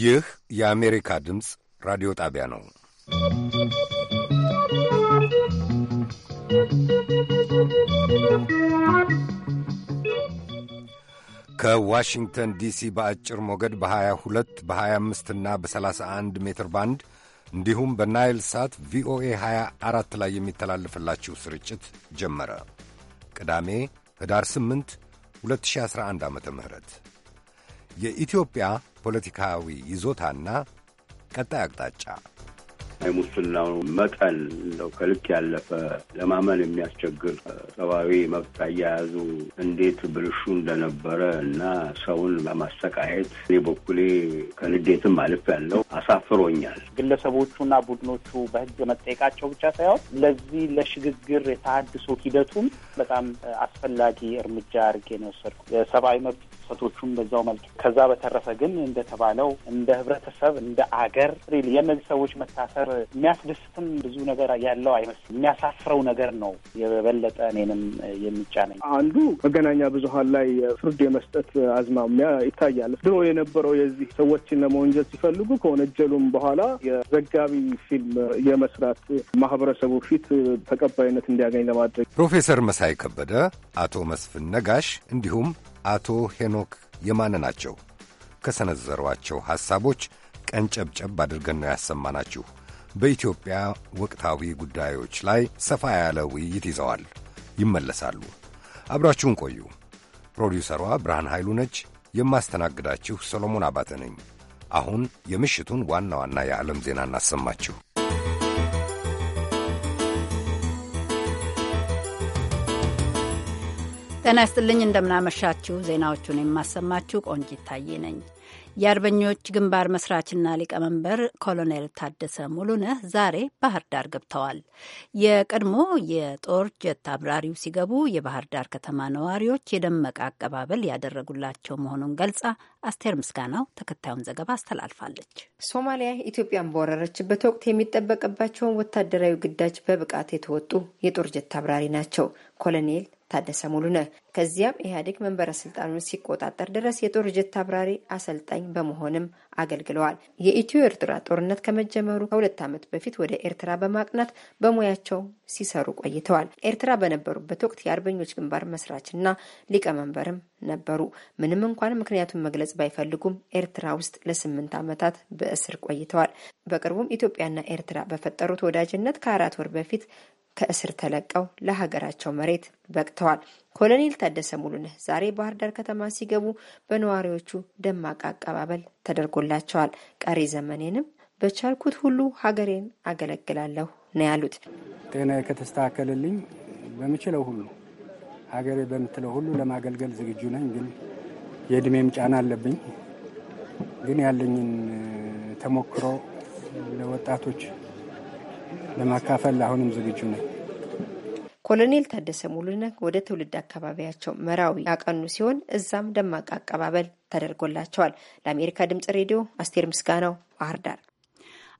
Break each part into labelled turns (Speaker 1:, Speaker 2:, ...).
Speaker 1: ይህ የአሜሪካ ድምፅ ራዲዮ ጣቢያ ነው። ከዋሽንግተን ዲሲ በአጭር ሞገድ በ22 በ25 እና በ31 ሜትር ባንድ እንዲሁም በናይል ሳት ቪኦኤ 24 ላይ የሚተላለፍላችሁ ስርጭት ጀመረ። ቅዳሜ ህዳር 8 2011 ዓ ም የኢትዮጵያ ፖለቲካዊ ይዞታና ቀጣይ አቅጣጫ
Speaker 2: የሙስናው መጠን እንደው ከልክ ያለፈ ለማመን የሚያስቸግር ሰብአዊ መብት አያያዙ እንዴት ብልሹ እንደነበረ እና ሰውን ለማሰቃየት እኔ በኩሌ ከንዴትም አልፍ ያለው አሳፍሮኛል።
Speaker 3: ግለሰቦቹና ቡድኖቹ በሕግ መጠየቃቸው ብቻ ሳይሆን ለዚህ ለሽግግር የተሃድሶ ሂደቱም በጣም አስፈላጊ እርምጃ አድርጌ ነው የወሰድኩት። የሰብአዊ መብት ክፍተቶቹም በዛው መልክ። ከዛ በተረፈ ግን እንደተባለው እንደ ህብረተሰብ እንደ አገር ሪል የእነዚህ ሰዎች መታሰር የሚያስደስትም ብዙ ነገር ያለው አይመስልም። የሚያሳፍረው ነገር ነው የበለጠ እኔንም የሚጫነኝ።
Speaker 4: አንዱ መገናኛ ብዙሀን ላይ ፍርድ የመስጠት አዝማሚያ ይታያል። ድሮ የነበረው የዚህ ሰዎችን ለመወንጀል ሲፈልጉ ከወነጀሉም በኋላ የዘጋቢ ፊልም የመስራት ማህበረሰቡ
Speaker 1: ፊት ተቀባይነት እንዲያገኝ ለማድረግ ፕሮፌሰር መሳይ ከበደ፣ አቶ መስፍን ነጋሽ እንዲሁም አቶ ሄኖክ የማነ ናቸው። ከሰነዘሯቸው ሐሳቦች ቀንጨብጨብ አድርገን ነው ያሰማናችሁ። በኢትዮጵያ ወቅታዊ ጉዳዮች ላይ ሰፋ ያለ ውይይት ይዘዋል። ይመለሳሉ። አብራችሁን ቆዩ። ፕሮዲውሰሯ ብርሃን ኃይሉ ነች። የማስተናግዳችሁ ሰሎሞን አባተ ነኝ። አሁን የምሽቱን ዋና ዋና የዓለም ዜና እናሰማችሁ።
Speaker 5: ጤና ይስጥልኝ። እንደምናመሻችሁ። ዜናዎቹን የማሰማችሁ ቆንጅ ታዬ ነኝ። የአርበኞች ግንባር መስራችና ሊቀመንበር ኮሎኔል ታደሰ ሙሉነህ ዛሬ ባህር ዳር ገብተዋል። የቀድሞ የጦር ጀት አብራሪው ሲገቡ የባህር ዳር ከተማ ነዋሪዎች የደመቀ አቀባበል ያደረጉላቸው መሆኑን ገልጻ አስቴር ምስጋናው ተከታዩን ዘገባ
Speaker 6: አስተላልፋለች። ሶማሊያ ኢትዮጵያን በወረረችበት ወቅት የሚጠበቅባቸውን ወታደራዊ ግዳጅ በብቃት የተወጡ የጦር ጀት አብራሪ ናቸው ኮሎኔል ታደሰ ሙሉነህ። ከዚያም ኢህአዴግ መንበረ ስልጣኑን ሲቆጣጠር ድረስ የጦር ጀት አብራሪ አሰልጣኝ በመሆንም አገልግለዋል። የኢትዮ ኤርትራ ጦርነት ከመጀመሩ ከሁለት ዓመት በፊት ወደ ኤርትራ በማቅናት በሙያቸው ሲሰሩ ቆይተዋል። ኤርትራ በነበሩበት ወቅት የአርበኞች ግንባር መስራችና ሊቀመንበርም ነበሩ። ምንም እንኳን ምክንያቱን መግለጽ ባይፈልጉም ኤርትራ ውስጥ ለስምንት ዓመታት በእስር ቆይተዋል። በቅርቡም ኢትዮጵያና ኤርትራ በፈጠሩት ወዳጅነት ከአራት ወር በፊት ከእስር ተለቀው ለሀገራቸው መሬት በቅተዋል። ኮሎኔል ታደሰ ሙሉነህ ዛሬ ባህር ዳር ከተማ ሲገቡ በነዋሪዎቹ ደማቅ አቀባበል ተደርጎላቸዋል። ቀሪ ዘመኔንም በቻልኩት ሁሉ ሀገሬን አገለግላለሁ ነው ያሉት።
Speaker 7: ጤና ከተስተካከልልኝ በምችለው ሁሉ ሀገሬ በምትለው ሁሉ ለማገልገል ዝግጁ ነኝ። ግን የእድሜም ጫና አለብኝ። ግን ያለኝን ተሞክሮ ለወጣቶች ለማካፈል አሁንም ዝግጁ ነን።
Speaker 6: ኮሎኔል ታደሰ ሙሉነ ወደ ትውልድ አካባቢያቸው መራዊ ያቀኑ ሲሆን እዛም ደማቅ አቀባበል ተደርጎላቸዋል። ለአሜሪካ ድምጽ ሬዲዮ አስቴር ምስጋናው ባህር ዳር።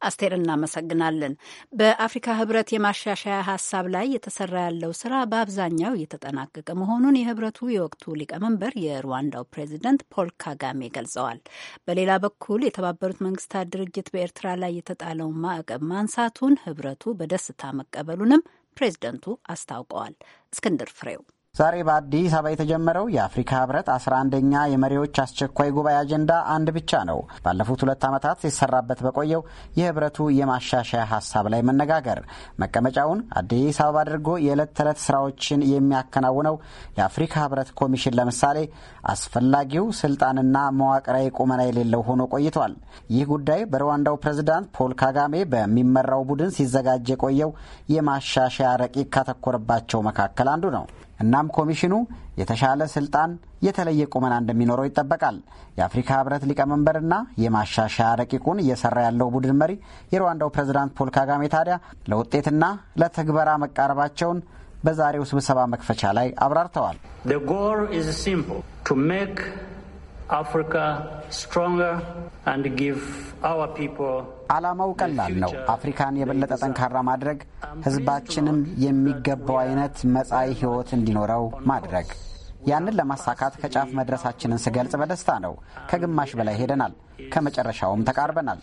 Speaker 5: አስቴር እናመሰግናለን። በአፍሪካ ህብረት የማሻሻያ ሀሳብ ላይ የተሰራ ያለው ስራ በአብዛኛው እየተጠናቀቀ መሆኑን የህብረቱ የወቅቱ ሊቀመንበር የሩዋንዳው ፕሬዚደንት ፖል ካጋሜ ገልጸዋል። በሌላ በኩል የተባበሩት መንግስታት ድርጅት በኤርትራ ላይ የተጣለውን ማዕቀብ ማንሳቱን ህብረቱ በደስታ መቀበሉንም ፕሬዚደንቱ አስታውቀዋል። እስክንድር ፍሬው
Speaker 8: ዛሬ በአዲስ አበባ የተጀመረው የአፍሪካ ህብረት አስራ አንደኛ የመሪዎች አስቸኳይ ጉባኤ አጀንዳ አንድ ብቻ ነው። ባለፉት ሁለት ዓመታት ሲሰራበት በቆየው የህብረቱ የማሻሻያ ሀሳብ ላይ መነጋገር። መቀመጫውን አዲስ አበባ አድርጎ የዕለት ተዕለት ስራዎችን የሚያከናውነው የአፍሪካ ህብረት ኮሚሽን ለምሳሌ አስፈላጊው ስልጣንና መዋቅራዊ ቁመና የሌለው ሆኖ ቆይቷል። ይህ ጉዳይ በሩዋንዳው ፕሬዝዳንት ፖል ካጋሜ በሚመራው ቡድን ሲዘጋጅ የቆየው የማሻሻያ ረቂቅ ካተኮረባቸው መካከል አንዱ ነው። እናም ኮሚሽኑ የተሻለ ስልጣን፣ የተለየ ቁመና እንደሚኖረው ይጠበቃል። የአፍሪካ ህብረት ሊቀመንበርና የማሻሻያ ረቂቁን እየሰራ ያለው ቡድን መሪ የሩዋንዳው ፕሬዝዳንት ፖል ካጋሜ ታዲያ ለውጤትና ለትግበራ መቃረባቸውን በዛሬው ስብሰባ መክፈቻ ላይ አብራርተዋል።
Speaker 3: አፍሪካ ዓላማው ቀላል ነው።
Speaker 8: አፍሪካን የበለጠ ጠንካራ ማድረግ፣ ህዝባችንም የሚገባው አይነት መጻኢ ህይወት እንዲኖረው ማድረግ። ያንን ለማሳካት ከጫፍ መድረሳችንን ስገልጽ በደስታ ነው። ከግማሽ በላይ ሄደናል። ከመጨረሻውም ተቃርበናል።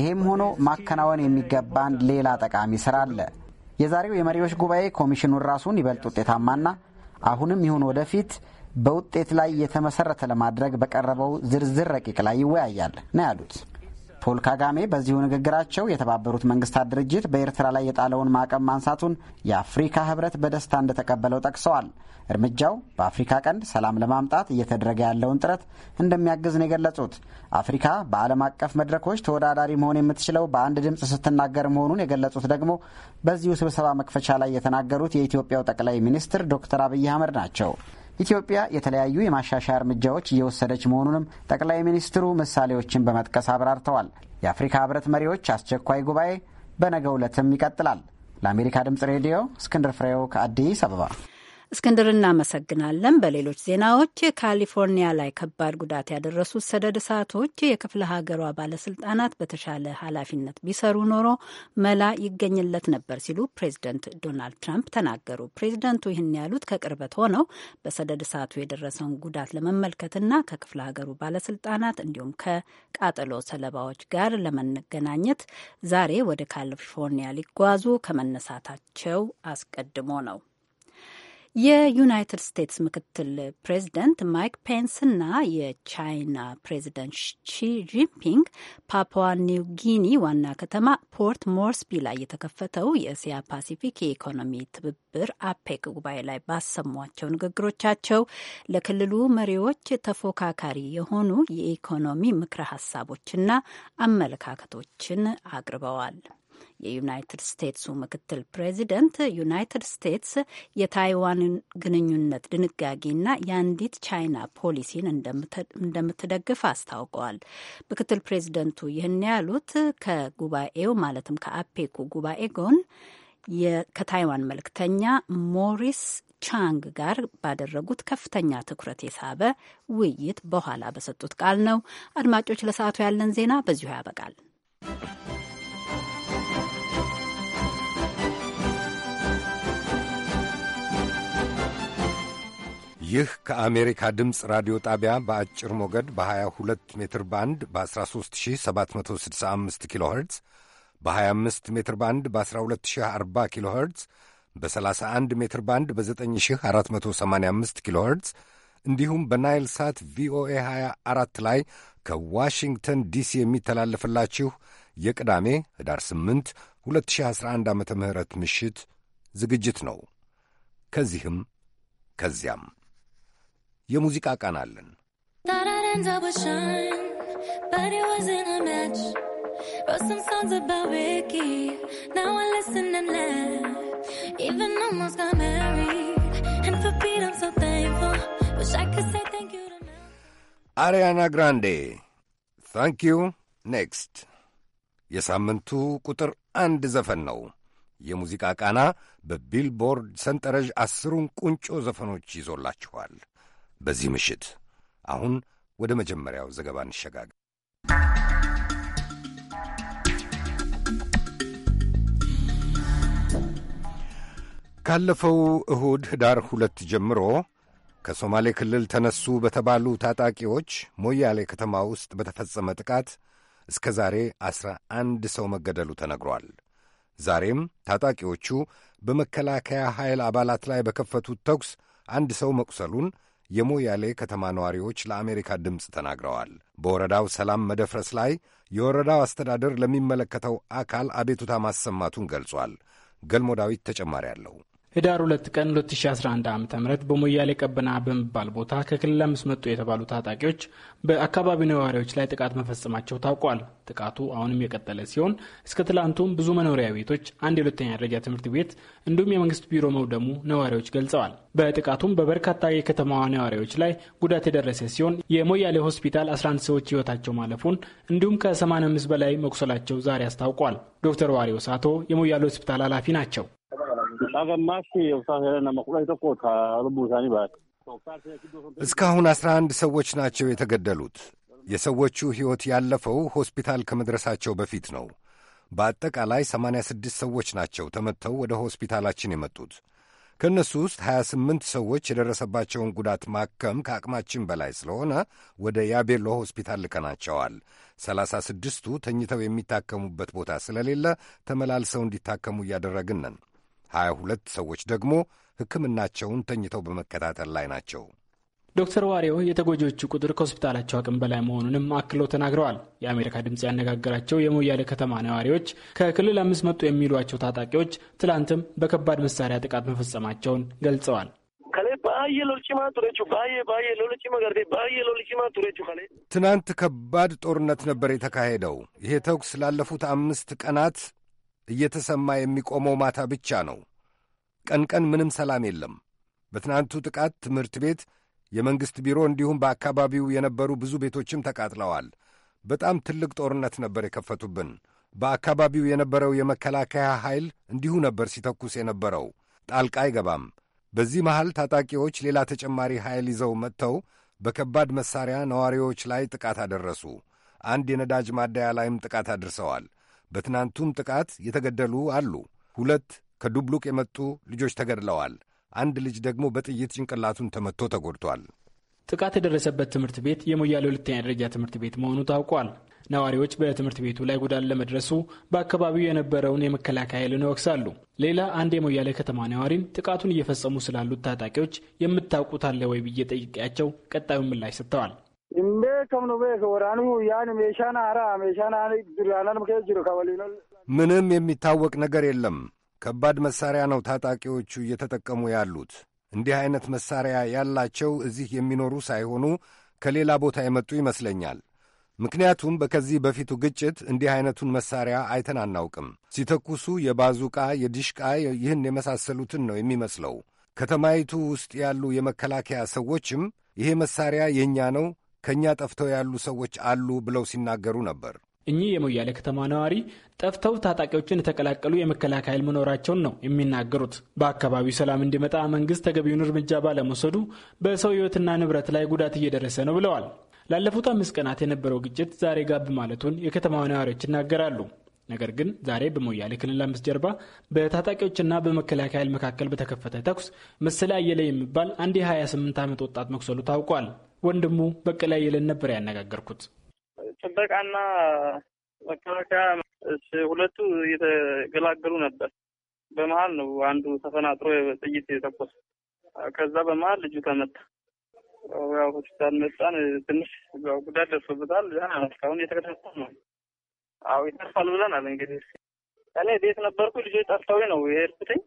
Speaker 8: ይሄም ሆኖ ማከናወን የሚገባን ሌላ ጠቃሚ ስራ አለ። የዛሬው የመሪዎች ጉባኤ ኮሚሽኑን ራሱን ይበልጥ ውጤታማና አሁንም ይሁን ወደፊት በውጤት ላይ የተመሰረተ ለማድረግ በቀረበው ዝርዝር ረቂቅ ላይ ይወያያል ነው ያሉት። ፖል ካጋሜ በዚሁ ንግግራቸው የተባበሩት መንግስታት ድርጅት በኤርትራ ላይ የጣለውን ማዕቀብ ማንሳቱን የአፍሪካ ህብረት በደስታ እንደተቀበለው ጠቅሰዋል። እርምጃው በአፍሪካ ቀንድ ሰላም ለማምጣት እየተደረገ ያለውን ጥረት እንደሚያግዝ ነው የገለጹት። አፍሪካ በዓለም አቀፍ መድረኮች ተወዳዳሪ መሆን የምትችለው በአንድ ድምፅ ስትናገር መሆኑን የገለጹት ደግሞ በዚሁ ስብሰባ መክፈቻ ላይ የተናገሩት የኢትዮጵያው ጠቅላይ ሚኒስትር ዶክተር አብይ አህመድ ናቸው። ኢትዮጵያ የተለያዩ የማሻሻያ እርምጃዎች እየወሰደች መሆኑንም ጠቅላይ ሚኒስትሩ ምሳሌዎችን በመጥቀስ አብራርተዋል። የአፍሪካ ህብረት መሪዎች አስቸኳይ ጉባኤ በነገው ዕለትም ይቀጥላል። ለአሜሪካ ድምጽ ሬዲዮ እስክንድር ፍሬው ከአዲስ አበባ እስክንድር እናመሰግናለን። በሌሎች
Speaker 5: ዜናዎች ካሊፎርኒያ ላይ ከባድ ጉዳት ያደረሱት ሰደድ እሳቶች የክፍለ ሀገሯ ባለስልጣናት በተሻለ ኃላፊነት ቢሰሩ ኖሮ መላ ይገኝለት ነበር ሲሉ ፕሬዚደንት ዶናልድ ትራምፕ ተናገሩ። ፕሬዚደንቱ ይህን ያሉት ከቅርበት ሆነው በሰደድ እሳቱ የደረሰውን ጉዳት ለመመልከትና ከክፍለ ሀገሩ ባለስልጣናት እንዲሁም ከቃጠሎ ሰለባዎች ጋር ለመገናኘት ዛሬ ወደ ካሊፎርኒያ ሊጓዙ ከመነሳታቸው አስቀድሞ ነው። የዩናይትድ ስቴትስ ምክትል ፕሬዚደንት ማይክ ፔንስና የቻይና ፕሬዚደንት ሺ ጂንፒንግ ፓፑዋ ኒው ጊኒ ዋና ከተማ ፖርት ሞርስቢ ላይ የተከፈተው የእስያ ፓሲፊክ የኢኮኖሚ ትብብር አፔክ ጉባኤ ላይ ባሰሟቸው ንግግሮቻቸው ለክልሉ መሪዎች ተፎካካሪ የሆኑ የኢኮኖሚ ምክረ ሀሳቦችና አመለካከቶችን አቅርበዋል። የዩናይትድ ስቴትሱ ምክትል ፕሬዚደንት ዩናይትድ ስቴትስ የታይዋንን ግንኙነት ድንጋጌና የአንዲት ቻይና ፖሊሲን እንደምትደግፍ አስታውቀዋል። ምክትል ፕሬዚደንቱ ይህን ያሉት ከጉባኤው ማለትም ከአፔኩ ጉባኤ ጎን ከታይዋን መልእክተኛ ሞሪስ ቻንግ ጋር ባደረጉት ከፍተኛ ትኩረት የሳበ ውይይት በኋላ በሰጡት ቃል ነው። አድማጮች፣ ለሰዓቱ ያለን ዜና በዚሁ ያበቃል።
Speaker 1: ይህ ከአሜሪካ ድምፅ ራዲዮ ጣቢያ በአጭር ሞገድ በ22 ሜትር ባንድ በ13765 ኪሎ ኸርትዝ በ25 ሜትር ባንድ በ1240 ኪሎ ኸርትዝ በ31 ሜትር ባንድ በ9485 ኪሎ ኸርትዝ እንዲሁም በናይል ሳት ቪኦኤ 24 ላይ ከዋሽንግተን ዲሲ የሚተላለፍላችሁ የቅዳሜ ህዳር 8 2011 ዓ ም ምሽት ዝግጅት ነው። ከዚህም ከዚያም የሙዚቃ ቃና አለን። አሪያና ግራንዴ ታንክ ዩ ኔክስት የሳምንቱ ቁጥር አንድ ዘፈን ነው። የሙዚቃ ቃና በቢልቦርድ ሰንጠረዥ አስሩን ቁንጮ ዘፈኖች ይዞላችኋል። በዚህ ምሽት። አሁን ወደ መጀመሪያው ዘገባ እንሸጋገር። ካለፈው እሁድ ህዳር ሁለት ጀምሮ ከሶማሌ ክልል ተነሱ በተባሉ ታጣቂዎች ሞያሌ ከተማ ውስጥ በተፈጸመ ጥቃት እስከ ዛሬ ዐሥራ አንድ ሰው መገደሉ ተነግሯል። ዛሬም ታጣቂዎቹ በመከላከያ ኃይል አባላት ላይ በከፈቱት ተኩስ አንድ ሰው መቁሰሉን የሞያሌ ከተማ ነዋሪዎች ለአሜሪካ ድምፅ ተናግረዋል። በወረዳው ሰላም መደፍረስ ላይ የወረዳው አስተዳደር ለሚመለከተው አካል አቤቱታ ማሰማቱን ገልጿል። ገልሞ ዳዊት ተጨማሪ አለው።
Speaker 7: ህዳር 2 ቀን 2011 ዓ ም በሞያሌ ቀበና በሚባል ቦታ ከክልል አምስት መጡ የተባሉ ታጣቂዎች በአካባቢው ነዋሪዎች ላይ ጥቃት መፈጸማቸው ታውቋል። ጥቃቱ አሁንም የቀጠለ ሲሆን እስከ ትላንቱም ብዙ መኖሪያ ቤቶች፣ አንድ የሁለተኛ ደረጃ ትምህርት ቤት እንዲሁም የመንግስት ቢሮ መውደሙ ነዋሪዎች ገልጸዋል። በጥቃቱም በበርካታ የከተማዋ ነዋሪዎች ላይ ጉዳት የደረሰ ሲሆን የሞያሌ ሆስፒታል 11 ሰዎች ህይወታቸው ማለፉን እንዲሁም ከ85 በላይ መቁሰላቸው ዛሬ አስታውቋል። ዶክተር ዋሪዮ ሳቶ የሞያሌ ሆስፒታል ኃላፊ ናቸው።
Speaker 2: kaga maski
Speaker 1: እስካሁን አስራ አንድ ሰዎች ናቸው የተገደሉት። የሰዎቹ ሕይወት ያለፈው ሆስፒታል ከመድረሳቸው በፊት ነው። በአጠቃላይ 86 ሰዎች ናቸው ተመትተው ወደ ሆስፒታላችን የመጡት። ከእነሱ ውስጥ 28 ሰዎች የደረሰባቸውን ጉዳት ማከም ከአቅማችን በላይ ስለሆነ ወደ ያቤሎ ሆስፒታል ልከናቸዋል። 36ቱ ተኝተው የሚታከሙበት ቦታ ስለሌለ ተመላልሰው እንዲታከሙ እያደረግን ነን። ሀያ ሁለት ሰዎች ደግሞ ሕክምናቸውን ተኝተው በመከታተል ላይ ናቸው።
Speaker 7: ዶክተር ዋሬው የተጎጂዎቹ ቁጥር ከሆስፒታላቸው አቅም በላይ መሆኑንም አክለው ተናግረዋል። የአሜሪካ ድምፅ ያነጋገራቸው የሞያሌ ከተማ ነዋሪዎች ከክልል አምስት መጡ የሚሏቸው ታጣቂዎች ትላንትም በከባድ መሳሪያ ጥቃት መፈጸማቸውን ገልጸዋል።
Speaker 1: ትናንት ከባድ ጦርነት ነበር የተካሄደው። ይሄ ተኩስ ላለፉት አምስት ቀናት እየተሰማ የሚቆመው ማታ ብቻ ነው። ቀን ቀን ምንም ሰላም የለም። በትናንቱ ጥቃት ትምህርት ቤት፣ የመንግሥት ቢሮ እንዲሁም በአካባቢው የነበሩ ብዙ ቤቶችም ተቃጥለዋል። በጣም ትልቅ ጦርነት ነበር የከፈቱብን። በአካባቢው የነበረው የመከላከያ ኃይል እንዲሁ ነበር ሲተኩስ የነበረው። ጣልቃ አይገባም። በዚህ መሃል ታጣቂዎች ሌላ ተጨማሪ ኃይል ይዘው መጥተው በከባድ መሣሪያ ነዋሪዎች ላይ ጥቃት አደረሱ። አንድ የነዳጅ ማደያ ላይም ጥቃት አድርሰዋል። በትናንቱም ጥቃት የተገደሉ አሉ። ሁለት ከዱብሉቅ የመጡ ልጆች ተገድለዋል። አንድ ልጅ ደግሞ በጥይት ጭንቅላቱን ተመትቶ ተጎድቷል። ጥቃት የደረሰበት ትምህርት ቤት የሞያሌ ሁለተኛ ደረጃ ትምህርት ቤት መሆኑ ታውቋል። ነዋሪዎች በትምህርት
Speaker 7: ቤቱ ላይ ጉዳት ለመድረሱ በአካባቢው የነበረውን የመከላከያ ኃይልን ይወቅሳሉ። ሌላ አንድ የሞያሌ ከተማ ነዋሪም ጥቃቱን እየፈጸሙ ስላሉት ታጣቂዎች የምታውቁት አለ ወይ ብዬ ጠይቄያቸው
Speaker 1: ቀጣዩን ምላሽ ሰጥተዋል።
Speaker 3: hin beekamnu beeka yaani meeshaan haaraa meeshaan duraanan keessa jiru kawaliinol
Speaker 1: ምንም የሚታወቅ ነገር የለም። ከባድ መሳሪያ ነው ታጣቂዎቹ እየተጠቀሙ ያሉት። እንዲህ አይነት መሳሪያ ያላቸው እዚህ የሚኖሩ ሳይሆኑ ከሌላ ቦታ የመጡ ይመስለኛል። ምክንያቱም በከዚህ በፊቱ ግጭት እንዲህ አይነቱን መሳሪያ አይተን አናውቅም። ሲተኩሱ የባዙቃ፣ የዲሽቃ ይህን የመሳሰሉትን ነው የሚመስለው። ከተማይቱ ውስጥ ያሉ የመከላከያ ሰዎችም ይሄ መሳሪያ የእኛ ነው ከእኛ ጠፍተው ያሉ ሰዎች አሉ ብለው ሲናገሩ ነበር። እኚህ
Speaker 7: የሞያሌ ከተማ ነዋሪ ጠፍተው ታጣቂዎችን የተቀላቀሉ የመከላከያ ኃይል መኖራቸውን ነው የሚናገሩት። በአካባቢው ሰላም እንዲመጣ መንግስት ተገቢውን እርምጃ ባለመውሰዱ በሰው ሕይወትና ንብረት ላይ ጉዳት እየደረሰ ነው ብለዋል። ላለፉት አምስት ቀናት የነበረው ግጭት ዛሬ ጋብ ማለቱን የከተማ ነዋሪዎች ይናገራሉ። ነገር ግን ዛሬ በሞያሌ ክልል አምስት ጀርባ በታጣቂዎችና በመከላከያ ኃይል መካከል በተከፈተ ተኩስ መሰለ አየለ የሚባል አንድ የ28 ዓመት ወጣት መቁሰሉ ታውቋል። ወንድሙ በቀለ አየለን ነበር ያነጋገርኩት።
Speaker 3: ጥበቃና መከላከያ ሁለቱ እየተገላገሉ ነበር። በመሀል ነው አንዱ ተፈናጥሮ ጥይት የተኮሰ። ከዛ በመሀል ልጁ ተመታ። ያው ሆስፒታል መጣን። ትንሽ ጉዳት ደርሶበታል። እስካሁን እየተከታተልን ነው። አዎ ይተርፋል ብለናል። እንግዲህ እኔ ቤት ነበርኩ። ልጆች ጠፍተው ነው የሄድኩትኝ።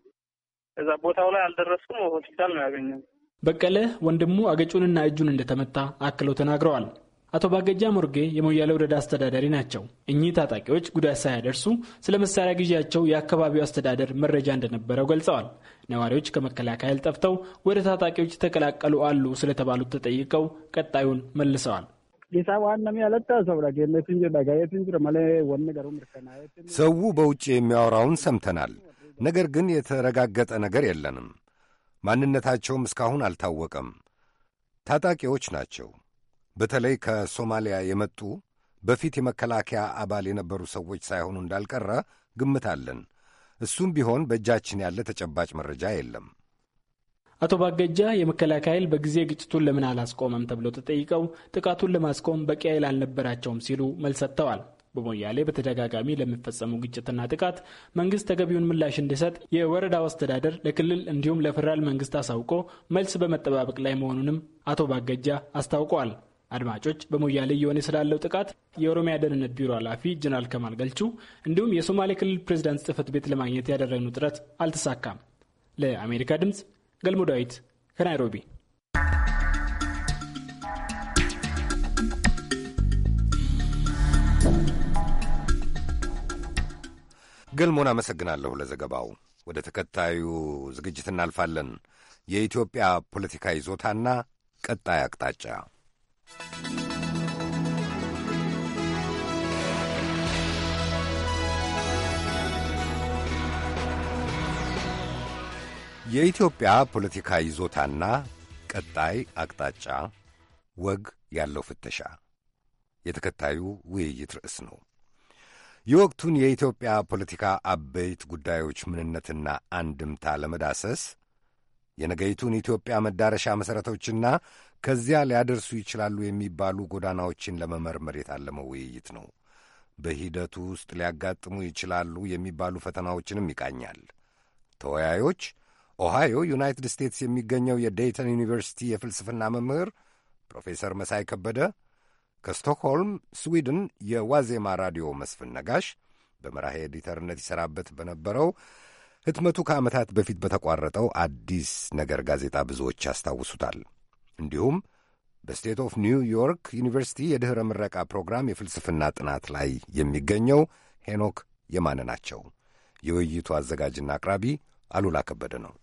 Speaker 3: እዛ ቦታው ላይ አልደረስኩም። ሆስፒታል ነው ያገኘው
Speaker 7: በቀለ ወንድሙ አገጩንና እጁን እንደተመታ አክለው ተናግረዋል። አቶ ባገጃ ሞርጌ የሞያሌ ወረዳ አስተዳዳሪ ናቸው። እኚህ ታጣቂዎች ጉዳት ሳያደርሱ ስለ መሳሪያ ግዢያቸው የአካባቢው አስተዳደር መረጃ እንደነበረው ገልጸዋል። ነዋሪዎች ከመከላከያ ጠፍተው ወደ ታጣቂዎች ተቀላቀሉ አሉ ስለተባሉት ተጠይቀው
Speaker 1: ቀጣዩን መልሰዋል። ሰው በውጭ የሚያወራውን ሰምተናል። ነገር ግን የተረጋገጠ ነገር የለንም። ማንነታቸውም እስካሁን አልታወቀም። ታጣቂዎች ናቸው። በተለይ ከሶማሊያ የመጡ በፊት የመከላከያ አባል የነበሩ ሰዎች ሳይሆኑ እንዳልቀረ ግምት አለን። እሱም ቢሆን በእጃችን ያለ ተጨባጭ መረጃ የለም።
Speaker 7: አቶ ባገጃ የመከላከያ ኃይል በጊዜ ግጭቱን ለምን አላስቆመም ተብለው ተጠይቀው ጥቃቱን ለማስቆም በቂ ኃይል አልነበራቸውም ሲሉ መልስ ሰጥተዋል። በሞያሌ በተደጋጋሚ ለሚፈጸሙ ግጭትና ጥቃት መንግስት ተገቢውን ምላሽ እንዲሰጥ የወረዳው አስተዳደር ለክልል እንዲሁም ለፌዴራል መንግስት አሳውቆ መልስ በመጠባበቅ ላይ መሆኑንም አቶ ባገጃ አስታውቀዋል። አድማጮች፣ በሞያሌ እየሆነ ስላለው ጥቃት የኦሮሚያ ደህንነት ቢሮ ኃላፊ ጀነራል ከማል ገልቹ እንዲሁም የሶማሌ ክልል ፕሬዚዳንት ጽህፈት ቤት ለማግኘት ያደረግነው ጥረት አልተሳካም። ለአሜሪካ ድምፅ ገልሞ ዳዊት ከናይሮቢ
Speaker 1: ገልሞን አመሰግናለሁ ለዘገባው። ወደ ተከታዩ ዝግጅት እናልፋለን። የኢትዮጵያ ፖለቲካ ይዞታና ቀጣይ አቅጣጫ የኢትዮጵያ ፖለቲካ ይዞታና ቀጣይ አቅጣጫ ወግ ያለው ፍተሻ የተከታዩ ውይይት ርዕስ ነው። የወቅቱን የኢትዮጵያ ፖለቲካ አበይት ጉዳዮች ምንነትና አንድምታ ለመዳሰስ የነገይቱን ኢትዮጵያ መዳረሻ መሠረቶችና ከዚያ ሊያደርሱ ይችላሉ የሚባሉ ጎዳናዎችን ለመመርመር የታለመው ውይይት ነው። በሂደቱ ውስጥ ሊያጋጥሙ ይችላሉ የሚባሉ ፈተናዎችንም ይቃኛል። ተወያዮች ኦሃዮ ዩናይትድ ስቴትስ የሚገኘው የዴይተን ዩኒቨርሲቲ የፍልስፍና መምህር ፕሮፌሰር መሳይ ከበደ ከስቶክሆልም ስዊድን የዋዜማ ራዲዮ መስፍን ነጋሽ በመራሄ ኤዲተርነት ይሠራበት በነበረው ህትመቱ ከዓመታት በፊት በተቋረጠው አዲስ ነገር ጋዜጣ ብዙዎች ያስታውሱታል። እንዲሁም በስቴት ኦፍ ኒውዮርክ ዩኒቨርሲቲ የድኅረ ምረቃ ፕሮግራም የፍልስፍና ጥናት ላይ የሚገኘው ሄኖክ የማን ናቸው። የውይይቱ አዘጋጅና አቅራቢ አሉላ ከበደ ነው።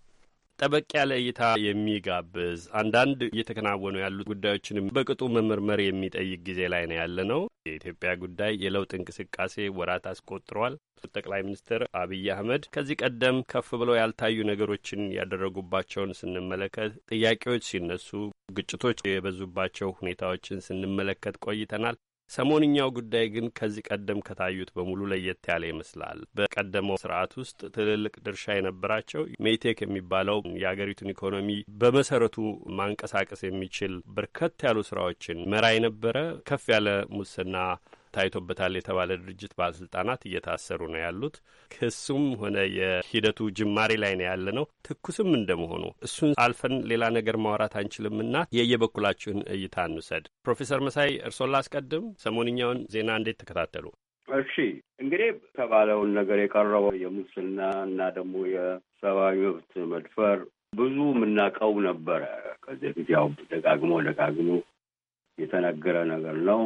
Speaker 9: ጠበቅ ያለ እይታ የሚጋብዝ አንዳንድ እየተከናወኑ ያሉት ጉዳዮችንም በቅጡ መመርመር የሚጠይቅ ጊዜ ላይ ነው ያለ ነው። የኢትዮጵያ ጉዳይ የለውጥ እንቅስቃሴ ወራት አስቆጥሯል። ጠቅላይ ሚኒስትር አብይ አህመድ ከዚህ ቀደም ከፍ ብለው ያልታዩ ነገሮችን ያደረጉባቸውን ስንመለከት፣ ጥያቄዎች ሲነሱ፣ ግጭቶች የበዙባቸው ሁኔታዎችን ስንመለከት ቆይተናል። ሰሞንኛው ጉዳይ ግን ከዚህ ቀደም ከታዩት በሙሉ ለየት ያለ ይመስላል። በቀደመው ስርዓት ውስጥ ትልልቅ ድርሻ የነበራቸው ሜቴክ የሚባለው የአገሪቱን ኢኮኖሚ በመሰረቱ ማንቀሳቀስ የሚችል በርከት ያሉ ስራዎችን መራ የነበረ ከፍ ያለ ሙስና ታይቶበታል የተባለ ድርጅት ባለስልጣናት እየታሰሩ ነው ያሉት። ክሱም ሆነ የሂደቱ ጅማሬ ላይ ነው ያለ ነው። ትኩስም እንደመሆኑ እሱን አልፈን ሌላ ነገር ማውራት አንችልምና የየበኩላችሁን እይታ እንውሰድ። ፕሮፌሰር መሳይ እርሶን ላስቀድም። ሰሞንኛውን ዜና እንዴት ተከታተሉ?
Speaker 2: እሺ እንግዲህ የተባለውን ነገር የቀረበው የሙስና እና ደግሞ የሰብአዊ መብት መድፈር ብዙ የምናውቀው ነበረ። ከዚህ ፊት ያው ደጋግሞ ደጋግሞ የተነገረ ነገር ነው።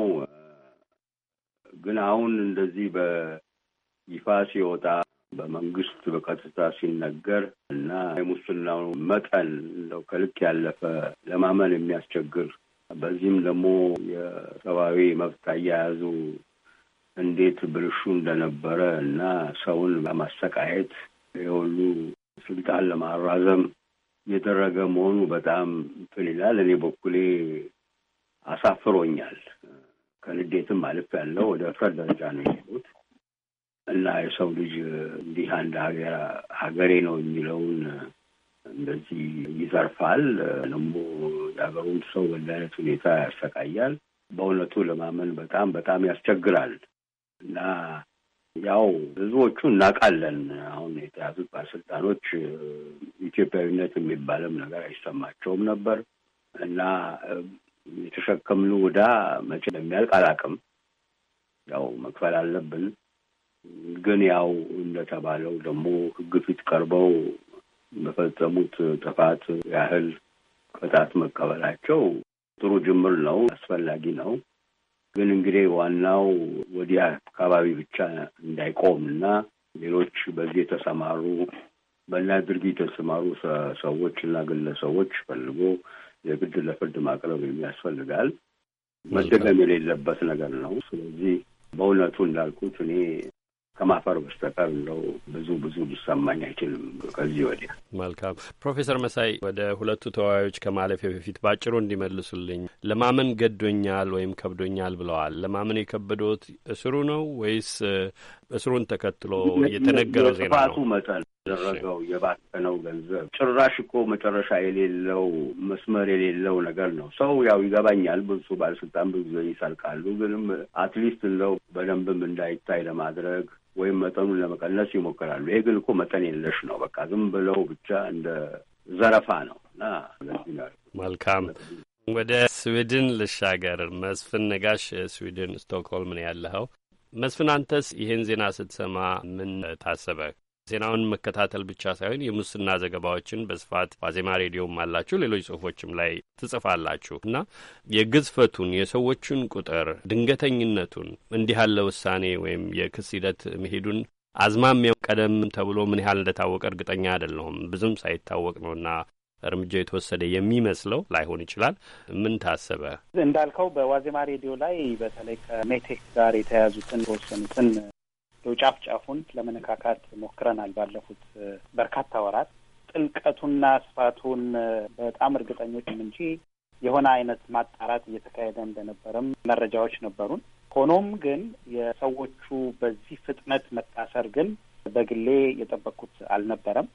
Speaker 2: ግን አሁን እንደዚህ በይፋ ሲወጣ በመንግስት በቀጥታ ሲነገር እና የሙስናው መጠን እንደው ከልክ ያለፈ ለማመን የሚያስቸግር በዚህም ደግሞ የሰብአዊ መብት አያያዙ እንዴት ብልሹ እንደነበረ እና ሰውን ለማሰቃየት የሁሉ ስልጣን ለማራዘም የደረገ መሆኑ በጣም እንትን ይላል። እኔ በኩሌ አሳፍሮኛል ከንዴትም አልፍ ያለው ወደ ፍርድ ደረጃ ነው የሄዱት እና የሰው ልጅ እንዲህ አንድ ሀገር ሀገሬ ነው የሚለውን እንደዚህ ይዘርፋል፣ ደግሞ የሀገሩን ሰው በእንዲህ ሁኔታ ያሰቃያል። በእውነቱ ለማመን በጣም በጣም ያስቸግራል እና ያው ህዝቦቹ እናውቃለን። አሁን የተያዙት ባለስልጣኖች ኢትዮጵያዊነት የሚባለም ነገር አይሰማቸውም ነበር እና የተሸከምነው ዕዳ መቼ እንደሚያልቅ አላውቅም። ያው መክፈል አለብን። ግን ያው እንደተባለው ደግሞ ሕግ ፊት ቀርበው በፈጸሙት ጥፋት ያህል ቅጣት መቀበላቸው ጥሩ ጅምር ነው፣ አስፈላጊ ነው። ግን እንግዲህ ዋናው ወዲያ አካባቢ ብቻ እንዳይቆም እና ሌሎች በዚህ የተሰማሩ በና ድርጊት የተሰማሩ ሰዎች እና ግለሰቦች ፈልጎ የግድ ለፍርድ ማቅረብ የሚያስፈልጋል። መደገም የሌለበት ነገር ነው። ስለዚህ በእውነቱ እንዳልኩት እኔ ከማፈር በስተቀር እንደው ብዙ ብዙ ሊሰማኝ አይችልም ከዚህ ወዲያ።
Speaker 9: መልካም ፕሮፌሰር መሳይ ወደ ሁለቱ ተወያዮች ከማለፌ በፊት ባጭሩ እንዲመልሱልኝ ለማመን ገዶኛል ወይም ከብዶኛል ብለዋል። ለማመን የከበዶት እስሩ ነው ወይስ እስሩን ተከትሎ የተነገረው ዜና ነው። መጠን ደረገው የባከነው ገንዘብ
Speaker 2: ጭራሽ እኮ መጨረሻ የሌለው መስመር የሌለው ነገር ነው። ሰው ያው ይገባኛል፣ ብዙ ባለስልጣን ብዙ ጊዜ ይሰልቃሉ። ግንም አትሊስት እንደው በደንብም እንዳይታይ ለማድረግ ወይም መጠኑን ለመቀነስ ይሞክራሉ። ይሄ ግን እኮ መጠን የለሽ ነው። በቃ ዝም ብለው
Speaker 9: ብቻ እንደ ዘረፋ ነው እና መልካም ወደ ስዊድን ልሻገር። መስፍን ነጋሽ ስዊድን ስቶክሆልም ነው ያለኸው። መስፍን፣ አንተስ ይህን ዜና ስትሰማ ምን ታሰበ? ዜናውን መከታተል ብቻ ሳይሆን የሙስና ዘገባዎችን በስፋት ዋዜማ ሬዲዮም አላችሁ፣ ሌሎች ጽሁፎችም ላይ ትጽፋላችሁ እና የግዝፈቱን የሰዎቹን ቁጥር ድንገተኝነቱን እንዲህ ያለ ውሳኔ ወይም የክስ ሂደት መሄዱን አዝማሚያው ቀደም ተብሎ ምን ያህል እንደታወቀ እርግጠኛ አይደለሁም። ብዙም ሳይታወቅ ነውና እርምጃ የተወሰደ የሚመስለው ላይሆን ይችላል። ምን ታሰበ?
Speaker 3: እንዳልከው በዋዜማ ሬዲዮ ላይ በተለይ ከሜቴክ ጋር የተያዙትን የተወሰኑትን ጫፍ ጫፉን ለመነካካት ሞክረናል። ባለፉት በርካታ ወራት ጥልቀቱና ስፋቱን በጣም እርግጠኞችም እንጂ የሆነ አይነት ማጣራት እየተካሄደ እንደነበረም መረጃዎች ነበሩን። ሆኖም ግን የሰዎቹ በዚህ ፍጥነት መታሰር ግን በግሌ የጠበቅኩት አልነበረም።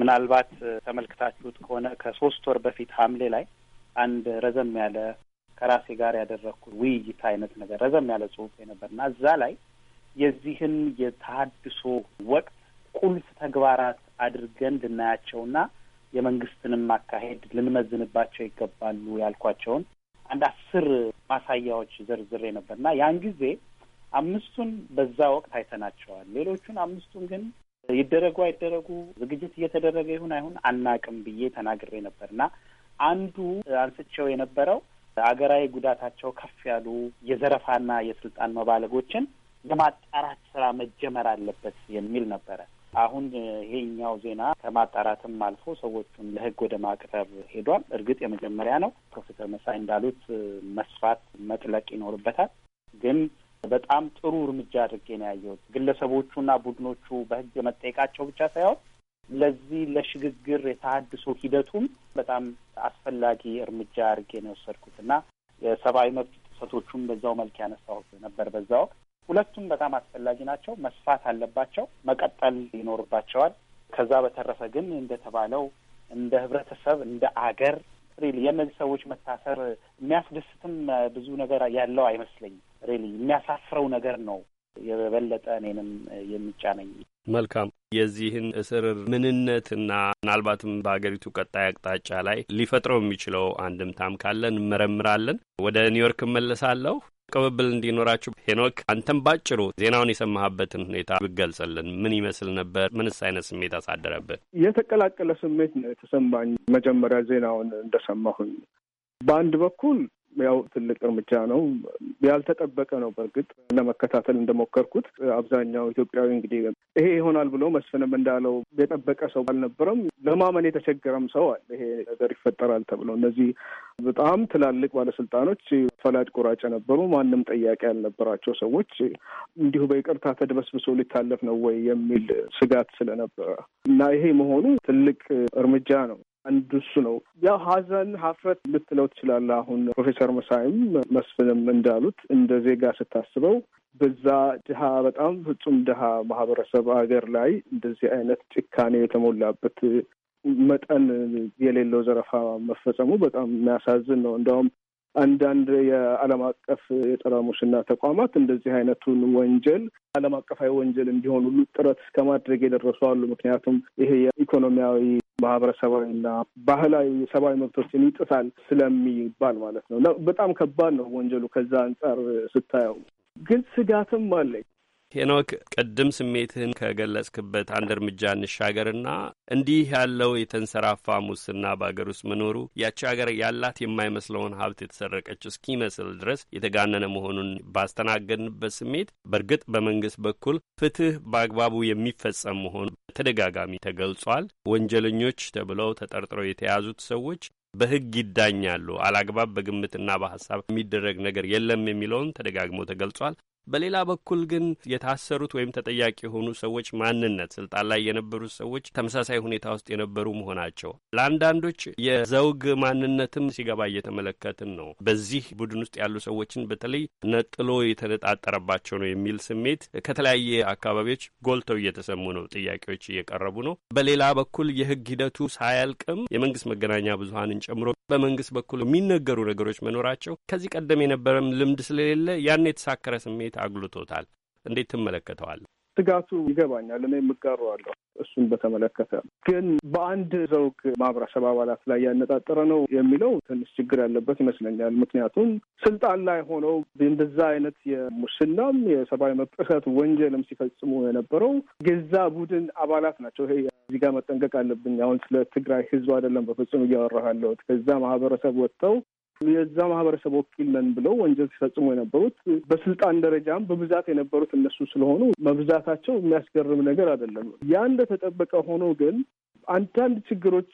Speaker 3: ምናልባት ተመልክታችሁት ከሆነ ከሶስት ወር በፊት ሐምሌ ላይ አንድ ረዘም ያለ ከራሴ ጋር ያደረግኩት ውይይት አይነት ነገር ረዘም ያለ ጽሁፍ ነበርና እዛ ላይ የዚህን የተሀድሶ ወቅት ቁልፍ ተግባራት አድርገን ልናያቸውና የመንግስትንም አካሄድ ልንመዝንባቸው ይገባሉ ያልኳቸውን አንድ አስር ማሳያዎች ዘርዝሬ ነበርና ያን ጊዜ አምስቱን በዛ ወቅት አይተናቸዋል። ሌሎቹን አምስቱን ግን ይደረጉ አይደረጉ ዝግጅት እየተደረገ ይሁን አይሁን አናቅም ብዬ ተናግሬ ነበር እና አንዱ አንስቼው የነበረው አገራዊ ጉዳታቸው ከፍ ያሉ የዘረፋና የስልጣን መባለጎችን የማጣራት ስራ መጀመር አለበት የሚል ነበረ። አሁን ይሄኛው ዜና ከማጣራትም አልፎ ሰዎቹን ለህግ ወደ ማቅረብ ሄዷል። እርግጥ የመጀመሪያ ነው። ፕሮፌሰር መሳይ እንዳሉት መስፋት መጥለቅ ይኖርበታል። ግን በጣም ጥሩ እርምጃ አድርጌ ነው ያየሁት። ግለሰቦቹና ቡድኖቹ በህግ መጠየቃቸው ብቻ ሳይሆን ለዚህ ለሽግግር የተሃድሶ ሂደቱም በጣም አስፈላጊ እርምጃ አድርጌ ነው የወሰድኩት እና የሰብአዊ መብት ጥሰቶቹም በዛው መልክ ያነሳሁት ነበር። በዛ ወቅት ሁለቱም በጣም አስፈላጊ ናቸው፣ መስፋት አለባቸው፣ መቀጠል ይኖርባቸዋል። ከዛ በተረፈ ግን እንደተባለው እንደ ህብረተሰብ እንደ አገር ሪል የእነዚህ ሰዎች መታሰር የሚያስደስትም ብዙ ነገር ያለው አይመስለኝም። ሪሊ የሚያሳፍረው ነገር ነው የበለጠ እኔንም የሚጫነኝ።
Speaker 9: መልካም የዚህን እስር ምንነትና ምናልባትም በሀገሪቱ ቀጣይ አቅጣጫ ላይ ሊፈጥረው የሚችለው አንድምታም ካለ እንመረምራለን። ወደ ኒውዮርክ እመለሳለሁ። ቅብብል እንዲኖራችሁ ሄኖክ፣ አንተም ባጭሩ ዜናውን የሰማህበትን ሁኔታ ብገልጽልን። ምን ይመስል ነበር? ምንስ አይነት ስሜት አሳደረብን?
Speaker 4: የተቀላቀለ ስሜት ነው የተሰማኝ መጀመሪያ ዜናውን እንደሰማሁኝ። በአንድ በኩል ያው ትልቅ እርምጃ ነው። ያልተጠበቀ ነው። በእርግጥ ለመከታተል እንደሞከርኩት አብዛኛው ኢትዮጵያዊ እንግዲህ ይሄ ይሆናል ብሎ መስፍንም እንዳለው የጠበቀ ሰው አልነበረም። ለማመን የተቸገረም ሰው አለ። ይሄ ነገር ይፈጠራል ተብሎ እነዚህ በጣም ትላልቅ ባለስልጣኖች ፈላጭ ቆራጭ ነበሩ ማንም ጥያቄ ያልነበራቸው ሰዎች እንዲሁ በይቅርታ ተድበስብሶ ሊታለፍ ነው ወይ የሚል ስጋት ስለነበረ እና ይሄ መሆኑ ትልቅ እርምጃ ነው። አንዱ እሱ ነው። ያው ሀዘን ሀፍረት ልትለው ትችላለህ። አሁን ፕሮፌሰር መሳይም መስፍንም እንዳሉት እንደ ዜጋ ስታስበው በዛ ድሃ በጣም ፍጹም ድሃ ማህበረሰብ ሀገር ላይ እንደዚህ አይነት ጭካኔ የተሞላበት መጠን የሌለው ዘረፋ መፈጸሙ በጣም የሚያሳዝን ነው። እንደውም አንዳንድ የዓለም አቀፍ የጸረ ሙስና ተቋማት እንደዚህ አይነቱን ወንጀል ዓለም አቀፋዊ ወንጀል እንዲሆን ሁሉ ጥረት እስከ ማድረግ የደረሱ አሉ። ምክንያቱም ይሄ የኢኮኖሚያዊ ማህበረሰባዊና ባህላዊ ሰብአዊ መብቶችን ይጥሳል ስለሚባል ማለት ነው በጣም ከባድ ነው ወንጀሉ ከዛ አንጻር ስታየው ግን ስጋትም አለኝ።
Speaker 9: ሄኖክ ቅድም ስሜትህን ከገለጽክበት አንድ እርምጃ እንሻገርና እንዲህ ያለው የተንሰራፋ ሙስና በአገር ውስጥ መኖሩ ያቺ ሀገር ያላት የማይመስለውን ሀብት የተሰረቀች እስኪመስል ድረስ የተጋነነ መሆኑን ባስተናገድንበት ስሜት በእርግጥ በመንግስት በኩል ፍትህ በአግባቡ የሚፈጸም መሆኑ በተደጋጋሚ ተገልጿል። ወንጀለኞች ተብለው ተጠርጥረው የተያዙት ሰዎች በህግ ይዳኛሉ። አላግባብ በግምትና በሀሳብ የሚደረግ ነገር የለም የሚለውን ተደጋግሞ ተገልጿል። በሌላ በኩል ግን የታሰሩት ወይም ተጠያቂ የሆኑ ሰዎች ማንነት ስልጣን ላይ የነበሩት ሰዎች ተመሳሳይ ሁኔታ ውስጥ የነበሩ መሆናቸው ለአንዳንዶች የዘውግ ማንነትም ሲገባ እየተመለከትን ነው። በዚህ ቡድን ውስጥ ያሉ ሰዎችን በተለይ ነጥሎ የተነጣጠረባቸው ነው የሚል ስሜት ከተለያየ አካባቢዎች ጎልተው እየተሰሙ ነው። ጥያቄዎች እየቀረቡ ነው። በሌላ በኩል የህግ ሂደቱ ሳያልቅም የመንግስት መገናኛ ብዙሀንን ጨምሮ በመንግስት በኩል የሚነገሩ ነገሮች መኖራቸው ከዚህ ቀደም የነበረም ልምድ ስለሌለ ያን የተሳከረ ስሜት አጉልቶታል። እንዴት ትመለከተዋል?
Speaker 4: ስጋቱ ይገባኛል። እኔ የምጋረዋለሁ። እሱን በተመለከተ ግን በአንድ ዘውግ ማህበረሰብ አባላት ላይ ያነጣጠረ ነው የሚለው ትንሽ ችግር ያለበት ይመስለኛል። ምክንያቱም ስልጣን ላይ ሆነው እንደዛ አይነት የሙስናም የሰብአዊ መብት ጥሰት ወንጀልም ሲፈጽሙ የነበረው ገዛ ቡድን አባላት ናቸው። ይሄ እዚህ ጋር መጠንቀቅ አለብኝ። አሁን ስለ ትግራይ ህዝብ አይደለም በፍጹም እያወራህ ከዛ ማህበረሰብ ወጥተው የዛ ማህበረሰብ ወኪል ነን ብለው ወንጀል ሲፈጽሙ የነበሩት በስልጣን ደረጃም በብዛት የነበሩት እነሱ ስለሆኑ መብዛታቸው የሚያስገርም ነገር አይደለም። ያ እንደተጠበቀ ሆኖ ግን አንዳንድ ችግሮች፣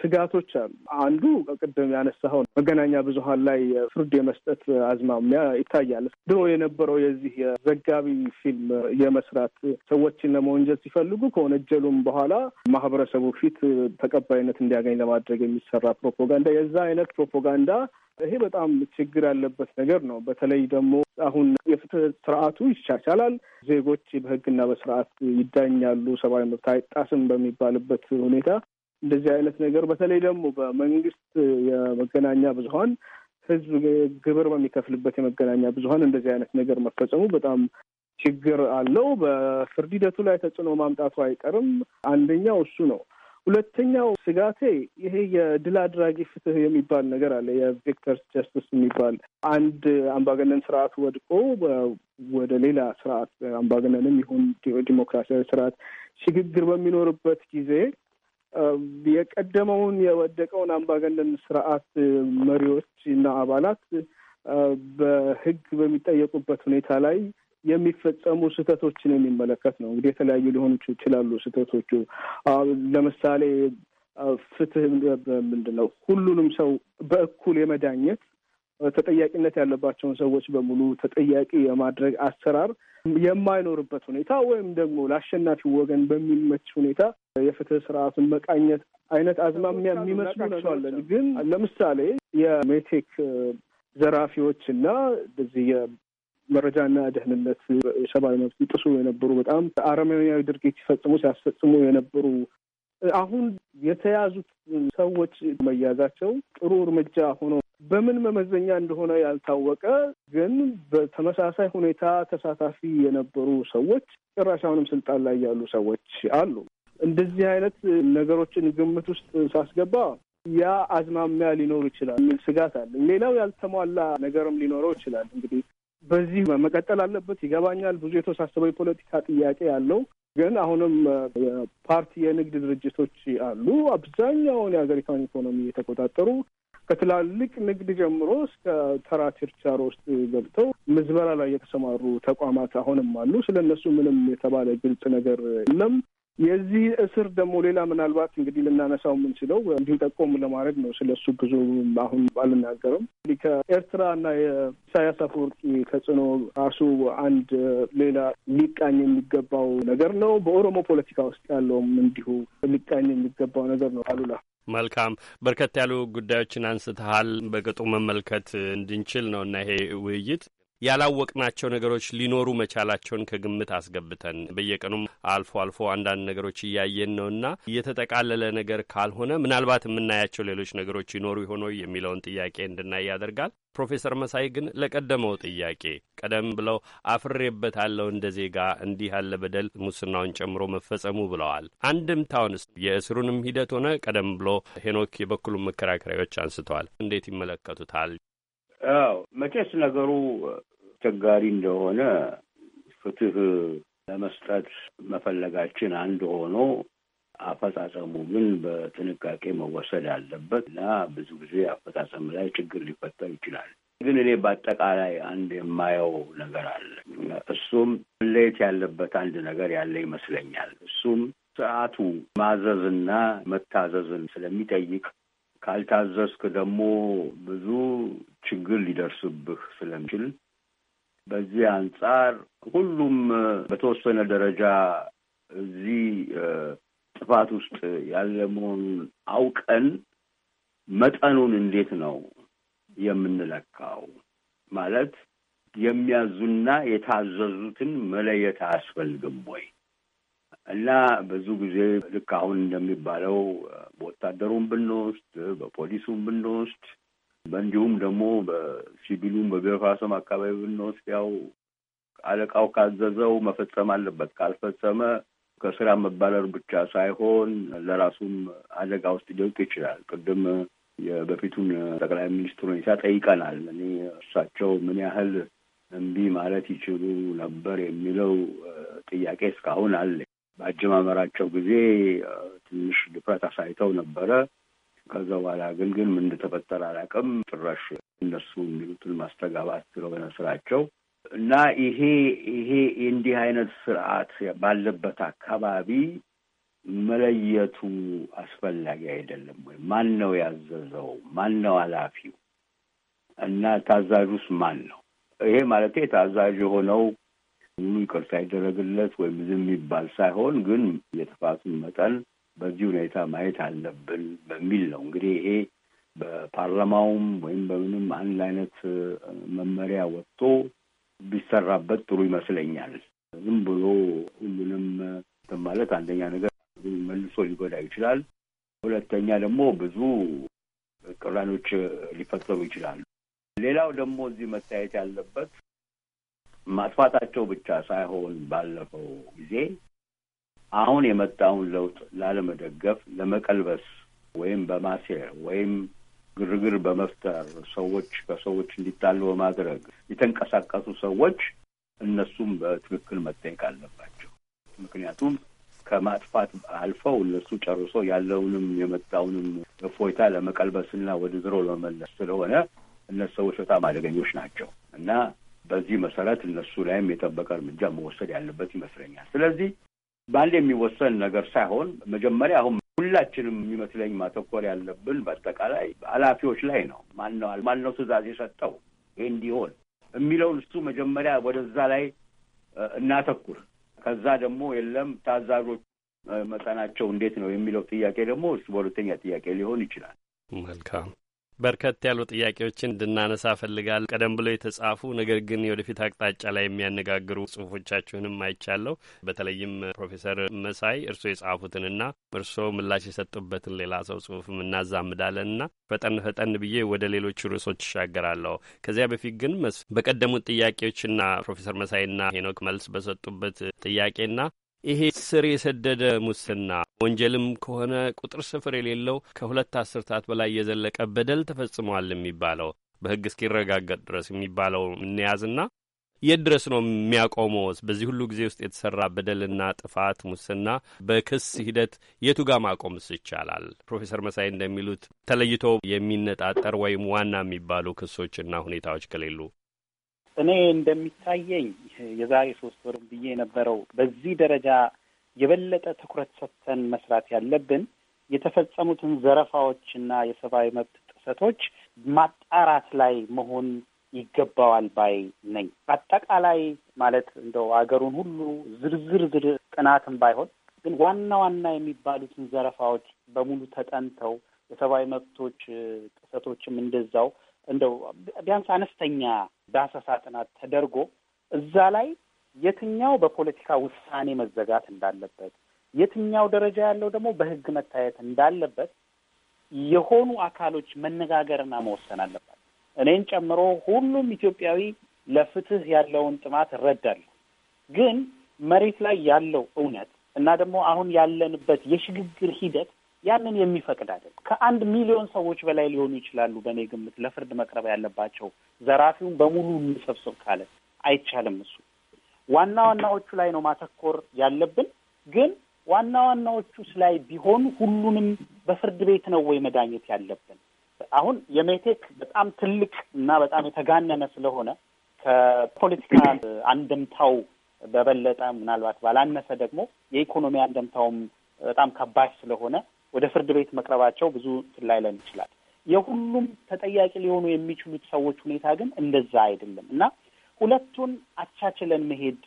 Speaker 4: ስጋቶች አሉ። አንዱ ቅድም ያነሳኸው መገናኛ ብዙኃን ላይ ፍርድ የመስጠት አዝማሚያ ይታያል። ድሮ የነበረው የዚህ የዘጋቢ ፊልም የመስራት ሰዎችን ለመወንጀል ሲፈልጉ ከወነጀሉም በኋላ ማህበረሰቡ ፊት ተቀባይነት እንዲያገኝ ለማድረግ የሚሰራ ፕሮፓጋንዳ የዛ አይነት ፕሮፓጋንዳ ይሄ በጣም ችግር ያለበት ነገር ነው። በተለይ ደግሞ አሁን የፍትህ ስርዓቱ ይሻሻላል፣ ዜጎች በህግና በስርዓት ይዳኛሉ፣ ሰብአዊ መብት አይጣስም በሚባልበት ሁኔታ እንደዚህ አይነት ነገር በተለይ ደግሞ በመንግስት የመገናኛ ብዙሀን ህዝብ ግብር በሚከፍልበት የመገናኛ ብዙሀን እንደዚህ አይነት ነገር መፈጸሙ በጣም ችግር አለው። በፍርድ ሂደቱ ላይ ተጽዕኖ ማምጣቱ አይቀርም። አንደኛው እሱ ነው። ሁለተኛው ስጋቴ ይሄ የድል አድራጊ ፍትህ የሚባል ነገር አለ። የቪክተርስ ጀስቲስ የሚባል አንድ አምባገነን ስርዓት ወድቆ ወደ ሌላ ስርዓት አምባገነንም ይሁን ዲሞክራሲያዊ ስርዓት ሽግግር በሚኖርበት ጊዜ የቀደመውን የወደቀውን አምባገነን ስርዓት መሪዎች እና አባላት በህግ በሚጠየቁበት ሁኔታ ላይ የሚፈጸሙ ስህተቶችን የሚመለከት ነው። እንግዲህ የተለያዩ ሊሆኑ ይችላሉ ስህተቶቹ። ለምሳሌ ፍትህ ምንድን ነው? ሁሉንም ሰው በእኩል የመዳኘት ተጠያቂነት ያለባቸውን ሰዎች በሙሉ ተጠያቂ የማድረግ አሰራር የማይኖርበት ሁኔታ ወይም ደግሞ ለአሸናፊው ወገን በሚመች ሁኔታ የፍትህ ስርዓቱን መቃኘት አይነት አዝማሚያ የሚመስሉ ነገሮች ግን ለምሳሌ የሜቴክ ዘራፊዎች እና እዚህ መረጃና ደህንነት የሰብአዊ መብት ይጥሱ የነበሩ በጣም አረመኔያዊ ድርጊት ሲፈጽሙ ሲያስፈጽሙ የነበሩ አሁን የተያዙት ሰዎች መያዛቸው ጥሩ እርምጃ ሆኖ በምን መመዘኛ እንደሆነ ያልታወቀ ግን በተመሳሳይ ሁኔታ ተሳታፊ የነበሩ ሰዎች ጭራሻውንም ስልጣን ላይ ያሉ ሰዎች አሉ። እንደዚህ አይነት ነገሮችን ግምት ውስጥ ሳስገባ ያ አዝማሚያ ሊኖር ይችላል የሚል ስጋት አለ። ሌላው ያልተሟላ ነገርም ሊኖረው ይችላል። እንግዲህ በዚህ መቀጠል አለበት ይገባኛል። ብዙ የተወሳሰበ የፖለቲካ ጥያቄ ያለው ግን አሁንም የፓርቲ የንግድ ድርጅቶች አሉ። አብዛኛውን የሀገሪቷን ኢኮኖሚ የተቆጣጠሩ ከትላልቅ ንግድ ጀምሮ እስከ ተራ ችርቻሮ ውስጥ ገብተው ምዝበራ ላይ የተሰማሩ ተቋማት አሁንም አሉ። ስለ እነሱ ምንም የተባለ ግልጽ ነገር የለም። የዚህ እስር ደግሞ ሌላ ምናልባት እንግዲህ ልናነሳው የምንችለው እንዲሁ ጠቆም ለማድረግ ነው። ስለሱ ብዙ አሁን አልናገርም። እንግዲህ ከኤርትራ እና የኢሳያስ አፈወርቂ ተጽዕኖ ራሱ አንድ ሌላ ሊቃኝ የሚገባው ነገር ነው። በኦሮሞ ፖለቲካ ውስጥ ያለውም እንዲሁ ሊቃኝ የሚገባው ነገር ነው። አሉላ
Speaker 9: መልካም በርከት ያሉ ጉዳዮችን አንስተሃል። በቅጡ መመልከት እንድንችል ነው እና ይሄ ውይይት ያላወቅናቸው ነገሮች ሊኖሩ መቻላቸውን ከግምት አስገብተን በየቀኑም አልፎ አልፎ አንዳንድ ነገሮች እያየን ነውና የተጠቃለለ ነገር ካልሆነ ምናልባት የምናያቸው ሌሎች ነገሮች ይኖሩ ይሆኖ የሚለውን ጥያቄ እንድናይ ያደርጋል። ፕሮፌሰር መሳይ ግን ለቀደመው ጥያቄ ቀደም ብለው አፍሬበታለሁ እንደ ዜጋ እንዲህ ያለ በደል ሙስናውን ጨምሮ መፈጸሙ ብለዋል። አንድምታውንስ የእስሩንም ሂደት ሆነ ቀደም ብሎ ሄኖክ የበኩሉን መከራከሪያዎች አንስተዋል። እንዴት ይመለከቱታል?
Speaker 2: አዎ መቼስ ነገሩ አስቸጋሪ እንደሆነ ፍትህ ለመስጠት መፈለጋችን አንድ ሆኖ አፈጻጸሙ ግን በጥንቃቄ መወሰድ አለበት እና ብዙ ጊዜ አፈጻጸም ላይ ችግር ሊፈጠር ይችላል። ግን እኔ በአጠቃላይ አንድ የማየው ነገር አለ። እሱም ለየት ያለበት አንድ ነገር ያለ ይመስለኛል። እሱም ስርዓቱ ማዘዝና መታዘዝን ስለሚጠይቅ ካልታዘዝክ ደግሞ ብዙ ችግር ሊደርስብህ ስለሚችል በዚህ አንጻር ሁሉም በተወሰነ ደረጃ እዚህ ጥፋት ውስጥ ያለ መሆኑን አውቀን መጠኑን እንዴት ነው የምንለካው? ማለት የሚያዙና የታዘዙትን መለየት አያስፈልግም ወይ? እና ብዙ ጊዜ ልክ አሁን እንደሚባለው በወታደሩም ብንወስድ በፖሊሱም ብንወስድ እንዲሁም ደግሞ በሲቪሉም በቢሮክራሲም አካባቢ ብንወስድ ያው አለቃው ካዘዘው መፈጸም አለበት። ካልፈጸመ ከስራ መባረር ብቻ ሳይሆን ለራሱም አደጋ ውስጥ ሊወድቅ ይችላል። ቅድም የበፊቱን ጠቅላይ ሚኒስትሩ ሁኔታ ጠይቀናል። እኔ እሳቸው ምን ያህል እምቢ ማለት ይችሉ ነበር የሚለው ጥያቄ እስካሁን አለ። በአጀማመራቸው ጊዜ ትንሽ ድፍረት አሳይተው ነበረ። ከዛ በኋላ ግን ግን ምን እንደተፈጠረ አላውቅም። ጭራሽ እነሱ የሚሉትን ማስተጋባት ስለሆነ ስራቸው እና ይሄ ይሄ እንዲህ አይነት ስርዓት ባለበት አካባቢ መለየቱ አስፈላጊ አይደለም ወይ? ማን ነው ያዘዘው? ማን ነው ኃላፊው? እና ታዛዡስ ማን ነው? ይሄ ማለት ታዛዥ የሆነው ይቅርታ ይደረግለት ወይም ዝም የሚባል ሳይሆን ግን የጥፋቱን መጠን በዚህ ሁኔታ ማየት አለብን በሚል ነው። እንግዲህ ይሄ በፓርላማውም ወይም በምንም አንድ አይነት መመሪያ ወጥቶ ቢሰራበት ጥሩ ይመስለኛል። ዝም ብሎ ሁሉንም ማለት አንደኛ ነገር መልሶ ሊጎዳ ይችላል። ሁለተኛ ደግሞ ብዙ ቅራኔዎች ሊፈጠሩ ይችላሉ። ሌላው ደግሞ እዚህ መታየት ያለበት ማጥፋታቸው ብቻ ሳይሆን ባለፈው ጊዜ አሁን የመጣውን ለውጥ ላለመደገፍ፣ ለመቀልበስ ወይም በማሴር ወይም ግርግር በመፍጠር ሰዎች ከሰዎች እንዲጣሉ በማድረግ የተንቀሳቀሱ ሰዎች እነሱም በትክክል መጠየቅ አለባቸው። ምክንያቱም ከማጥፋት አልፈው እነሱ ጨርሶ ያለውንም የመጣውንም እፎይታ ለመቀልበስና ወደ ድሮ ለመመለስ ስለሆነ እነሱ ሰዎች በጣም አደገኞች ናቸው እና በዚህ መሰረት እነሱ ላይም የጠበቀ እርምጃ መወሰድ ያለበት ይመስለኛል። ስለዚህ በአንድ የሚወሰን ነገር ሳይሆን መጀመሪያ አሁን ሁላችንም የሚመስለኝ ማተኮር ያለብን በአጠቃላይ ኃላፊዎች ላይ ነው። ማነዋል ማነው ትዕዛዝ የሰጠው እንዲሆን የሚለውን እሱ መጀመሪያ ወደዛ ላይ እናተኩር። ከዛ ደግሞ የለም ታዛዦች መጠናቸው እንዴት ነው የሚለው ጥያቄ ደግሞ እሱ በሁለተኛ ጥያቄ ሊሆን ይችላል።
Speaker 9: መልካም በርከት ያሉ ጥያቄዎችን እንድናነሳ ፈልጋል። ቀደም ብሎ የተጻፉ ነገር ግን የወደፊት አቅጣጫ ላይ የሚያነጋግሩ ጽሁፎቻችሁንም አይቻለሁ። በተለይም ፕሮፌሰር መሳይ እርስዎ የጻፉትንና እርስዎ ምላሽ የሰጡበትን ሌላ ሰው ጽሁፍም እናዛምዳለንና ፈጠን ፈጠን ብዬ ወደ ሌሎች ርዕሶች ይሻገራለሁ። ከዚያ በፊት ግን በቀደሙት ጥያቄዎችና ፕሮፌሰር መሳይና ሄኖክ መልስ በሰጡበት ጥያቄና ይሄ ስር የሰደደ ሙስና ወንጀልም ከሆነ ቁጥር ስፍር የሌለው ከሁለት አስርታት በላይ የዘለቀ በደል ተፈጽሟል የሚባለው በሕግ እስኪረጋገጥ ድረስ የሚባለው እንያዝና የት ድረስ ነው የሚያቆመውስ? በዚህ ሁሉ ጊዜ ውስጥ የተሰራ በደልና ጥፋት፣ ሙስና በክስ ሂደት የቱ ጋር ማቆምስ ይቻላል? ፕሮፌሰር መሳይ እንደሚሉት ተለይቶ የሚነጣጠር ወይም ዋና የሚባሉ ክሶችና ሁኔታዎች ከሌሉ
Speaker 3: እኔ እንደሚታየኝ የዛሬ ሶስት ወር ብዬ የነበረው በዚህ ደረጃ የበለጠ ትኩረት ሰጥተን መስራት ያለብን የተፈጸሙትን ዘረፋዎችና የሰብአዊ መብት ጥሰቶች ማጣራት ላይ መሆን ይገባዋል ባይ ነኝ። አጠቃላይ ማለት እንደው አገሩን ሁሉ ዝርዝር ዝር ጥናትም ባይሆን ግን ዋና ዋና የሚባሉትን ዘረፋዎች በሙሉ ተጠንተው የሰብአዊ መብቶች ጥሰቶችም እንደዛው እንደው ቢያንስ አነስተኛ ዳሰሳ ጥናት ተደርጎ እዛ ላይ የትኛው በፖለቲካ ውሳኔ መዘጋት እንዳለበት፣ የትኛው ደረጃ ያለው ደግሞ በህግ መታየት እንዳለበት የሆኑ አካሎች መነጋገርና መወሰን አለባት። እኔን ጨምሮ ሁሉም ኢትዮጵያዊ ለፍትህ ያለውን ጥማት እረዳለሁ። ግን መሬት ላይ ያለው እውነት እና ደግሞ አሁን ያለንበት የሽግግር ሂደት ያንን የሚፈቅድ አይደለም። ከአንድ ሚሊዮን ሰዎች በላይ ሊሆኑ ይችላሉ በእኔ ግምት ለፍርድ መቅረብ ያለባቸው። ዘራፊውን በሙሉ እንሰብስብ ካለ አይቻልም። እሱ ዋና ዋናዎቹ ላይ ነው ማተኮር ያለብን። ግን ዋና ዋናዎቹስ ላይ ቢሆን ሁሉንም በፍርድ ቤት ነው ወይ መዳኘት ያለብን? አሁን የሜቴክ በጣም ትልቅ እና በጣም የተጋነነ ስለሆነ ከፖለቲካ አንድምታው በበለጠ ምናልባት ባላነሰ ደግሞ የኢኮኖሚ አንድምታውም በጣም ከባድ ስለሆነ ወደ ፍርድ ቤት መቅረባቸው ብዙ ትላይለን ይችላል። የሁሉም ተጠያቂ ሊሆኑ የሚችሉት ሰዎች ሁኔታ ግን እንደዛ አይደለም እና ሁለቱን አቻችለን መሄድ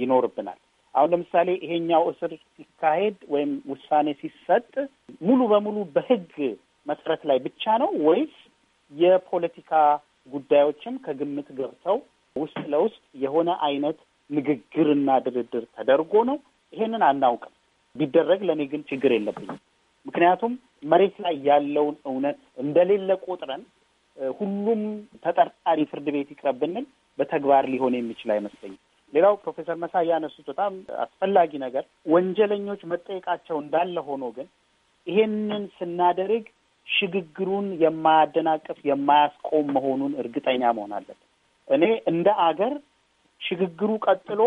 Speaker 3: ይኖርብናል። አሁን ለምሳሌ ይሄኛው እስር ሲካሄድ ወይም ውሳኔ ሲሰጥ ሙሉ በሙሉ በህግ መሰረት ላይ ብቻ ነው ወይስ የፖለቲካ ጉዳዮችም ከግምት ገብተው ውስጥ ለውስጥ የሆነ አይነት ንግግርና ድርድር ተደርጎ ነው? ይሄንን አናውቅም። ቢደረግ ለእኔ ግን ችግር የለብኝም። ምክንያቱም መሬት ላይ ያለውን እውነት እንደሌለ ቆጥረን ሁሉም ተጠርጣሪ ፍርድ ቤት ይቅረብ ብንል በተግባር ሊሆን የሚችል አይመስለኝም። ሌላው ፕሮፌሰር መሳ ያነሱት በጣም አስፈላጊ ነገር ወንጀለኞች መጠየቃቸው እንዳለ ሆኖ ግን ይሄንን ስናደርግ ሽግግሩን የማያደናቅፍ የማያስቆም መሆኑን እርግጠኛ መሆን አለብን። እኔ እንደ አገር ሽግግሩ ቀጥሎ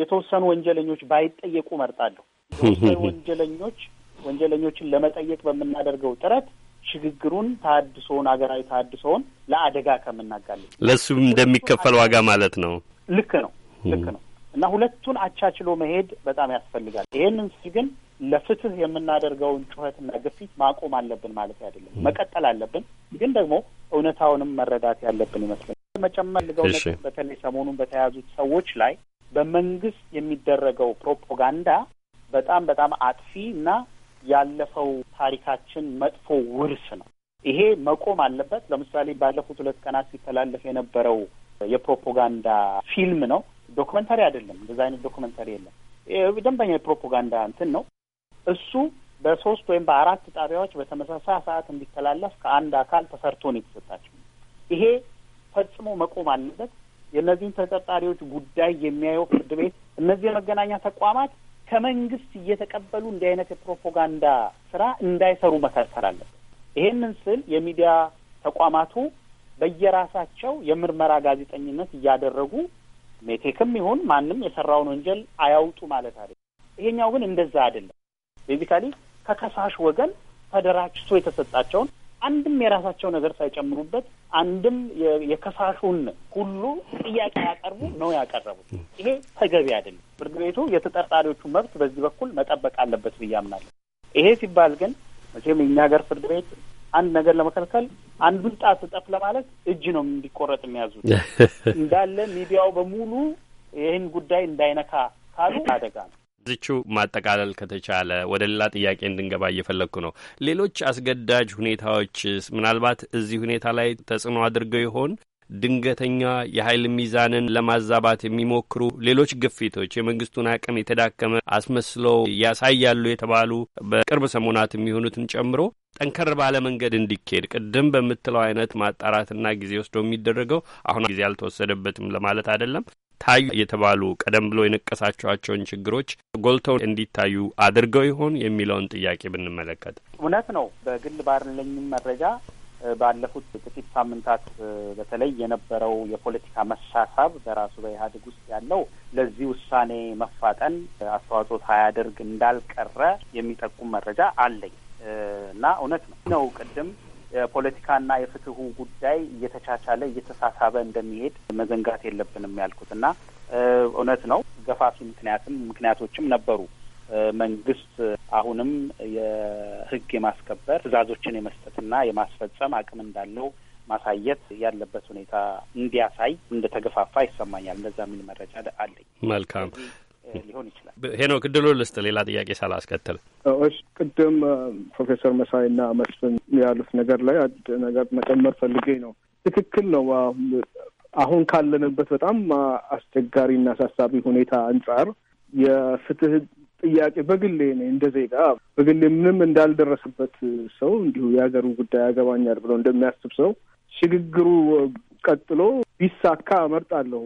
Speaker 3: የተወሰኑ ወንጀለኞች ባይጠየቁ መርጣለሁ። ወንጀለኞች ወንጀለኞችን ለመጠየቅ በምናደርገው ጥረት ሽግግሩን ታድሶውን አገራዊ ታድሶውን ለአደጋ ከምናጋለጥ
Speaker 9: ለእሱም እንደሚከፈል ዋጋ ማለት ነው። ልክ ነው፣ ልክ ነው።
Speaker 3: እና ሁለቱን አቻችሎ መሄድ በጣም ያስፈልጋል። ይሄንን ስል ግን ለፍትህ የምናደርገውን ጩኸትና ግፊት ማቆም አለብን ማለት አይደለም፣ መቀጠል አለብን። ግን ደግሞ እውነታውንም መረዳት ያለብን ይመስለኛል። መጨመር ልገው በተለይ ሰሞኑን በተያዙት ሰዎች ላይ በመንግስት የሚደረገው ፕሮፓጋንዳ በጣም በጣም አጥፊ እና ያለፈው ታሪካችን መጥፎ ውርስ ነው። ይሄ መቆም አለበት። ለምሳሌ ባለፉት ሁለት ቀናት ሲተላለፍ የነበረው የፕሮፓጋንዳ ፊልም ነው፣ ዶክመንታሪ አይደለም። እንደዛ አይነት ዶክመንታሪ የለም። ደንበኛ የፕሮፓጋንዳ እንትን ነው እሱ በሶስት ወይም በአራት ጣቢያዎች በተመሳሳይ ሰዓት እንዲተላለፍ ከአንድ አካል ተሰርቶ ነው የተሰጣቸው። ይሄ ፈጽሞ መቆም አለበት። የእነዚህን ተጠርጣሪዎች ጉዳይ የሚያየው ፍርድ ቤት፣ እነዚህ የመገናኛ ተቋማት ከመንግስት እየተቀበሉ እንዲህ አይነት የፕሮፓጋንዳ ስራ እንዳይሰሩ መከልከል አለበት። ይሄንን ስል የሚዲያ ተቋማቱ በየራሳቸው የምርመራ ጋዜጠኝነት እያደረጉ ሜቴክም ይሁን ማንም የሰራውን ወንጀል አያውጡ ማለት አለ። ይሄኛው ግን እንደዛ አይደለም። ቤዚካሊ ከከሳሽ ወገን ተደራጅቶ የተሰጣቸውን አንድም የራሳቸው ነገር ሳይጨምሩበት አንድም የከሳሹን ሁሉ ጥያቄ ያቀርቡ ነው ያቀረቡት። ይሄ ተገቢ አይደለም። ፍርድ ቤቱ የተጠርጣሪዎቹ መብት በዚህ በኩል መጠበቅ አለበት ብዬ አምናለሁ። ይሄ ሲባል ግን መቼም የእኛ ሀገር ፍርድ ቤት አንድ ነገር ለመከልከል አንዱን ጣት ጠፍ ለማለት እጅ ነው እንዲቆረጥ የሚያዙት እንዳለ ሚዲያው በሙሉ ይህን ጉዳይ እንዳይነካ ካሉ አደጋ
Speaker 9: ነው። ዝቹ ማጠቃለል ከተቻለ ወደ ሌላ ጥያቄ እንድንገባ እየፈለግኩ ነው። ሌሎች አስገዳጅ ሁኔታዎች ምናልባት እዚህ ሁኔታ ላይ ተጽዕኖ አድርገው ይሆን? ድንገተኛ የኃይል ሚዛንን ለማዛባት የሚሞክሩ ሌሎች ግፊቶች የመንግስቱን አቅም የተዳከመ አስመስለው ያሳያሉ የተባሉ በቅርብ ሰሞናት የሚሆኑትን ጨምሮ ጠንከር ባለ መንገድ እንዲካሄድ ቅድም በምትለው አይነት ማጣራትና ጊዜ ወስዶ የሚደረገው አሁን ጊዜ አልተወሰደበትም ለማለት አይደለም። ታዩ የተባሉ ቀደም ብሎ የነቀሳቸዋቸውን ችግሮች ጎልተው እንዲታዩ አድርገው ይሆን የሚለውን ጥያቄ ብንመለከት
Speaker 3: እውነት ነው። በግል ባለኝም መረጃ ባለፉት ጥቂት ሳምንታት በተለይ የነበረው የፖለቲካ መሳሳብ በራሱ በኢህአዴግ ውስጥ ያለው ለዚህ ውሳኔ መፋጠን አስተዋጽኦ ሳያደርግ እንዳልቀረ የሚጠቁም መረጃ አለኝ እና እውነት ነው ነው ቅድም የፖለቲካና የፍትሁ ጉዳይ እየተቻቻለ እየተሳሳበ እንደሚሄድ መዘንጋት የለብንም ያልኩት እና እውነት ነው ገፋፊ ምክንያትም ምክንያቶችም ነበሩ። መንግስት አሁንም የህግ የማስከበር ትእዛዞችን የመስጠትና የማስፈጸም አቅም እንዳለው ማሳየት ያለበት ሁኔታ እንዲያሳይ እንደተገፋፋ ይሰማኛል። እንደዛ የሚል መረጃ አለኝ።
Speaker 9: መልካም ሊሆን ይችላል። ሄኖክ እድሉን ልስጥ፣ ሌላ ጥያቄ ሳላስከትል።
Speaker 4: እሺ፣ ቅድም ፕሮፌሰር መሳይና መስፍን ያሉት ነገር ላይ አንድ ነገር መጨመር ፈልጌ ነው። ትክክል ነው። አሁን ካለንበት በጣም አስቸጋሪና አሳሳቢ ሁኔታ አንጻር የፍትህ ጥያቄ በግሌ ነ እንደ ዜጋ በግሌ ምንም እንዳልደረስበት ሰው እንዲሁ የሀገሩ ጉዳይ ያገባኛል ብሎ እንደሚያስብ ሰው ሽግግሩ ቀጥሎ ቢሳካ እመርጣለሁ።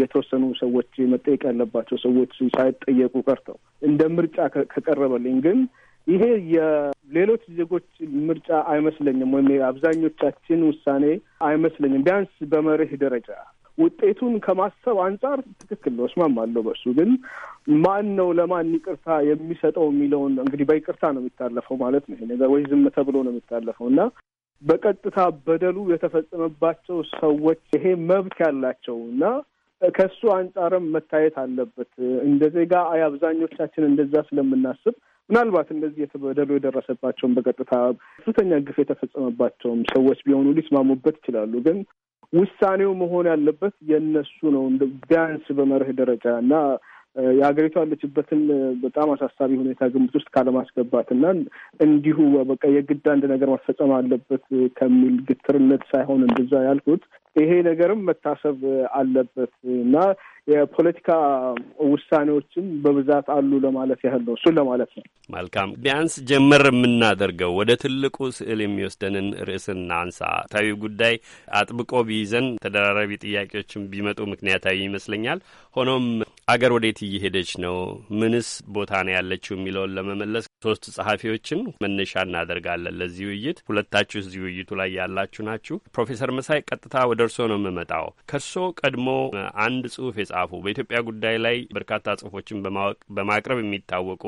Speaker 4: የተወሰኑ ሰዎች መጠየቅ ያለባቸው ሰዎች ሳይጠየቁ ቀርተው እንደ ምርጫ ከቀረበልኝ ግን ይሄ የሌሎች ዜጎች ምርጫ አይመስለኝም፣ ወይም የአብዛኞቻችን ውሳኔ አይመስለኝም። ቢያንስ በመርህ ደረጃ ውጤቱን ከማሰብ አንጻር ትክክል ነው፣ እስማማለሁ በእሱ ግን ማን ነው ለማን ይቅርታ የሚሰጠው የሚለውን እንግዲህ በይቅርታ ነው የሚታለፈው ማለት ነው ይሄ ነገር ወይ ዝም ተብሎ ነው የሚታለፈው እና በቀጥታ በደሉ የተፈጸመባቸው ሰዎች ይሄ መብት ያላቸው እና ከእሱ አንጻርም መታየት አለበት። እንደ ዜጋ አብዛኞቻችን እንደዛ ስለምናስብ ምናልባት እንደዚህ የተበደሉ የደረሰባቸውም በቀጥታ ከፍተኛ ግፍ የተፈጸመባቸውም ሰዎች ቢሆኑ ሊስማሙበት ይችላሉ። ግን ውሳኔው መሆን ያለበት የነሱ ነው ቢያንስ በመርህ ደረጃ እና የሀገሪቱ ያለችበትን በጣም አሳሳቢ ሁኔታ ግምት ውስጥ ካለማስገባትና እንዲሁ በቃ የግድ አንድ ነገር ማስፈጸም አለበት ከሚል ግትርነት ሳይሆን እንደዛ ያልኩት ይሄ ነገርም መታሰብ አለበት እና የፖለቲካ ውሳኔዎችም በብዛት አሉ ለማለት ያህል ነው። እሱን ለማለት ነው።
Speaker 9: መልካም ቢያንስ ጀመር የምናደርገው ወደ ትልቁ ስዕል የሚወስደንን ርዕስና አንሳ ታዊ ጉዳይ አጥብቆ ቢይዘን ተደራራቢ ጥያቄዎችን ቢመጡ ምክንያታዊ ይመስለኛል። ሆኖም አገር ወዴት እየሄደች ነው? ምንስ ቦታ ነው ያለችው የሚለውን ለመመለስ ሶስት ጸሐፊዎችን መነሻ እናደርጋለን ለዚህ ውይይት። ሁለታችሁ እዚህ ውይይቱ ላይ ያላችሁ ናችሁ። ፕሮፌሰር መሳይ ቀጥታ ወደ እርስዎ ነው የምመጣው። ከእርስዎ ቀድሞ አንድ ጽሁፍ ጻፉ። በኢትዮጵያ ጉዳይ ላይ በርካታ ጽሁፎችን በማቅረብ የሚታወቁ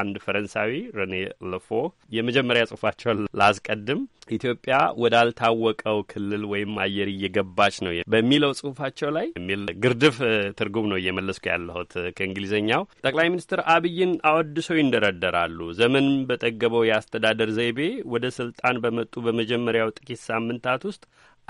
Speaker 9: አንድ ፈረንሳዊ ረኔ ለፎ የመጀመሪያ ጽሁፋቸውን ላስቀድም። ኢትዮጵያ ወዳልታወቀው ክልል ወይም አየር እየገባች ነው በሚለው ጽሁፋቸው ላይ የሚል ግርድፍ ትርጉም ነው እየመለስኩ ያለሁት ከእንግሊዝኛው። ጠቅላይ ሚኒስትር አብይን አወድሰው ይንደረደራሉ። ዘመን በጠገበው የአስተዳደር ዘይቤ ወደ ስልጣን በመጡ በመጀመሪያው ጥቂት ሳምንታት ውስጥ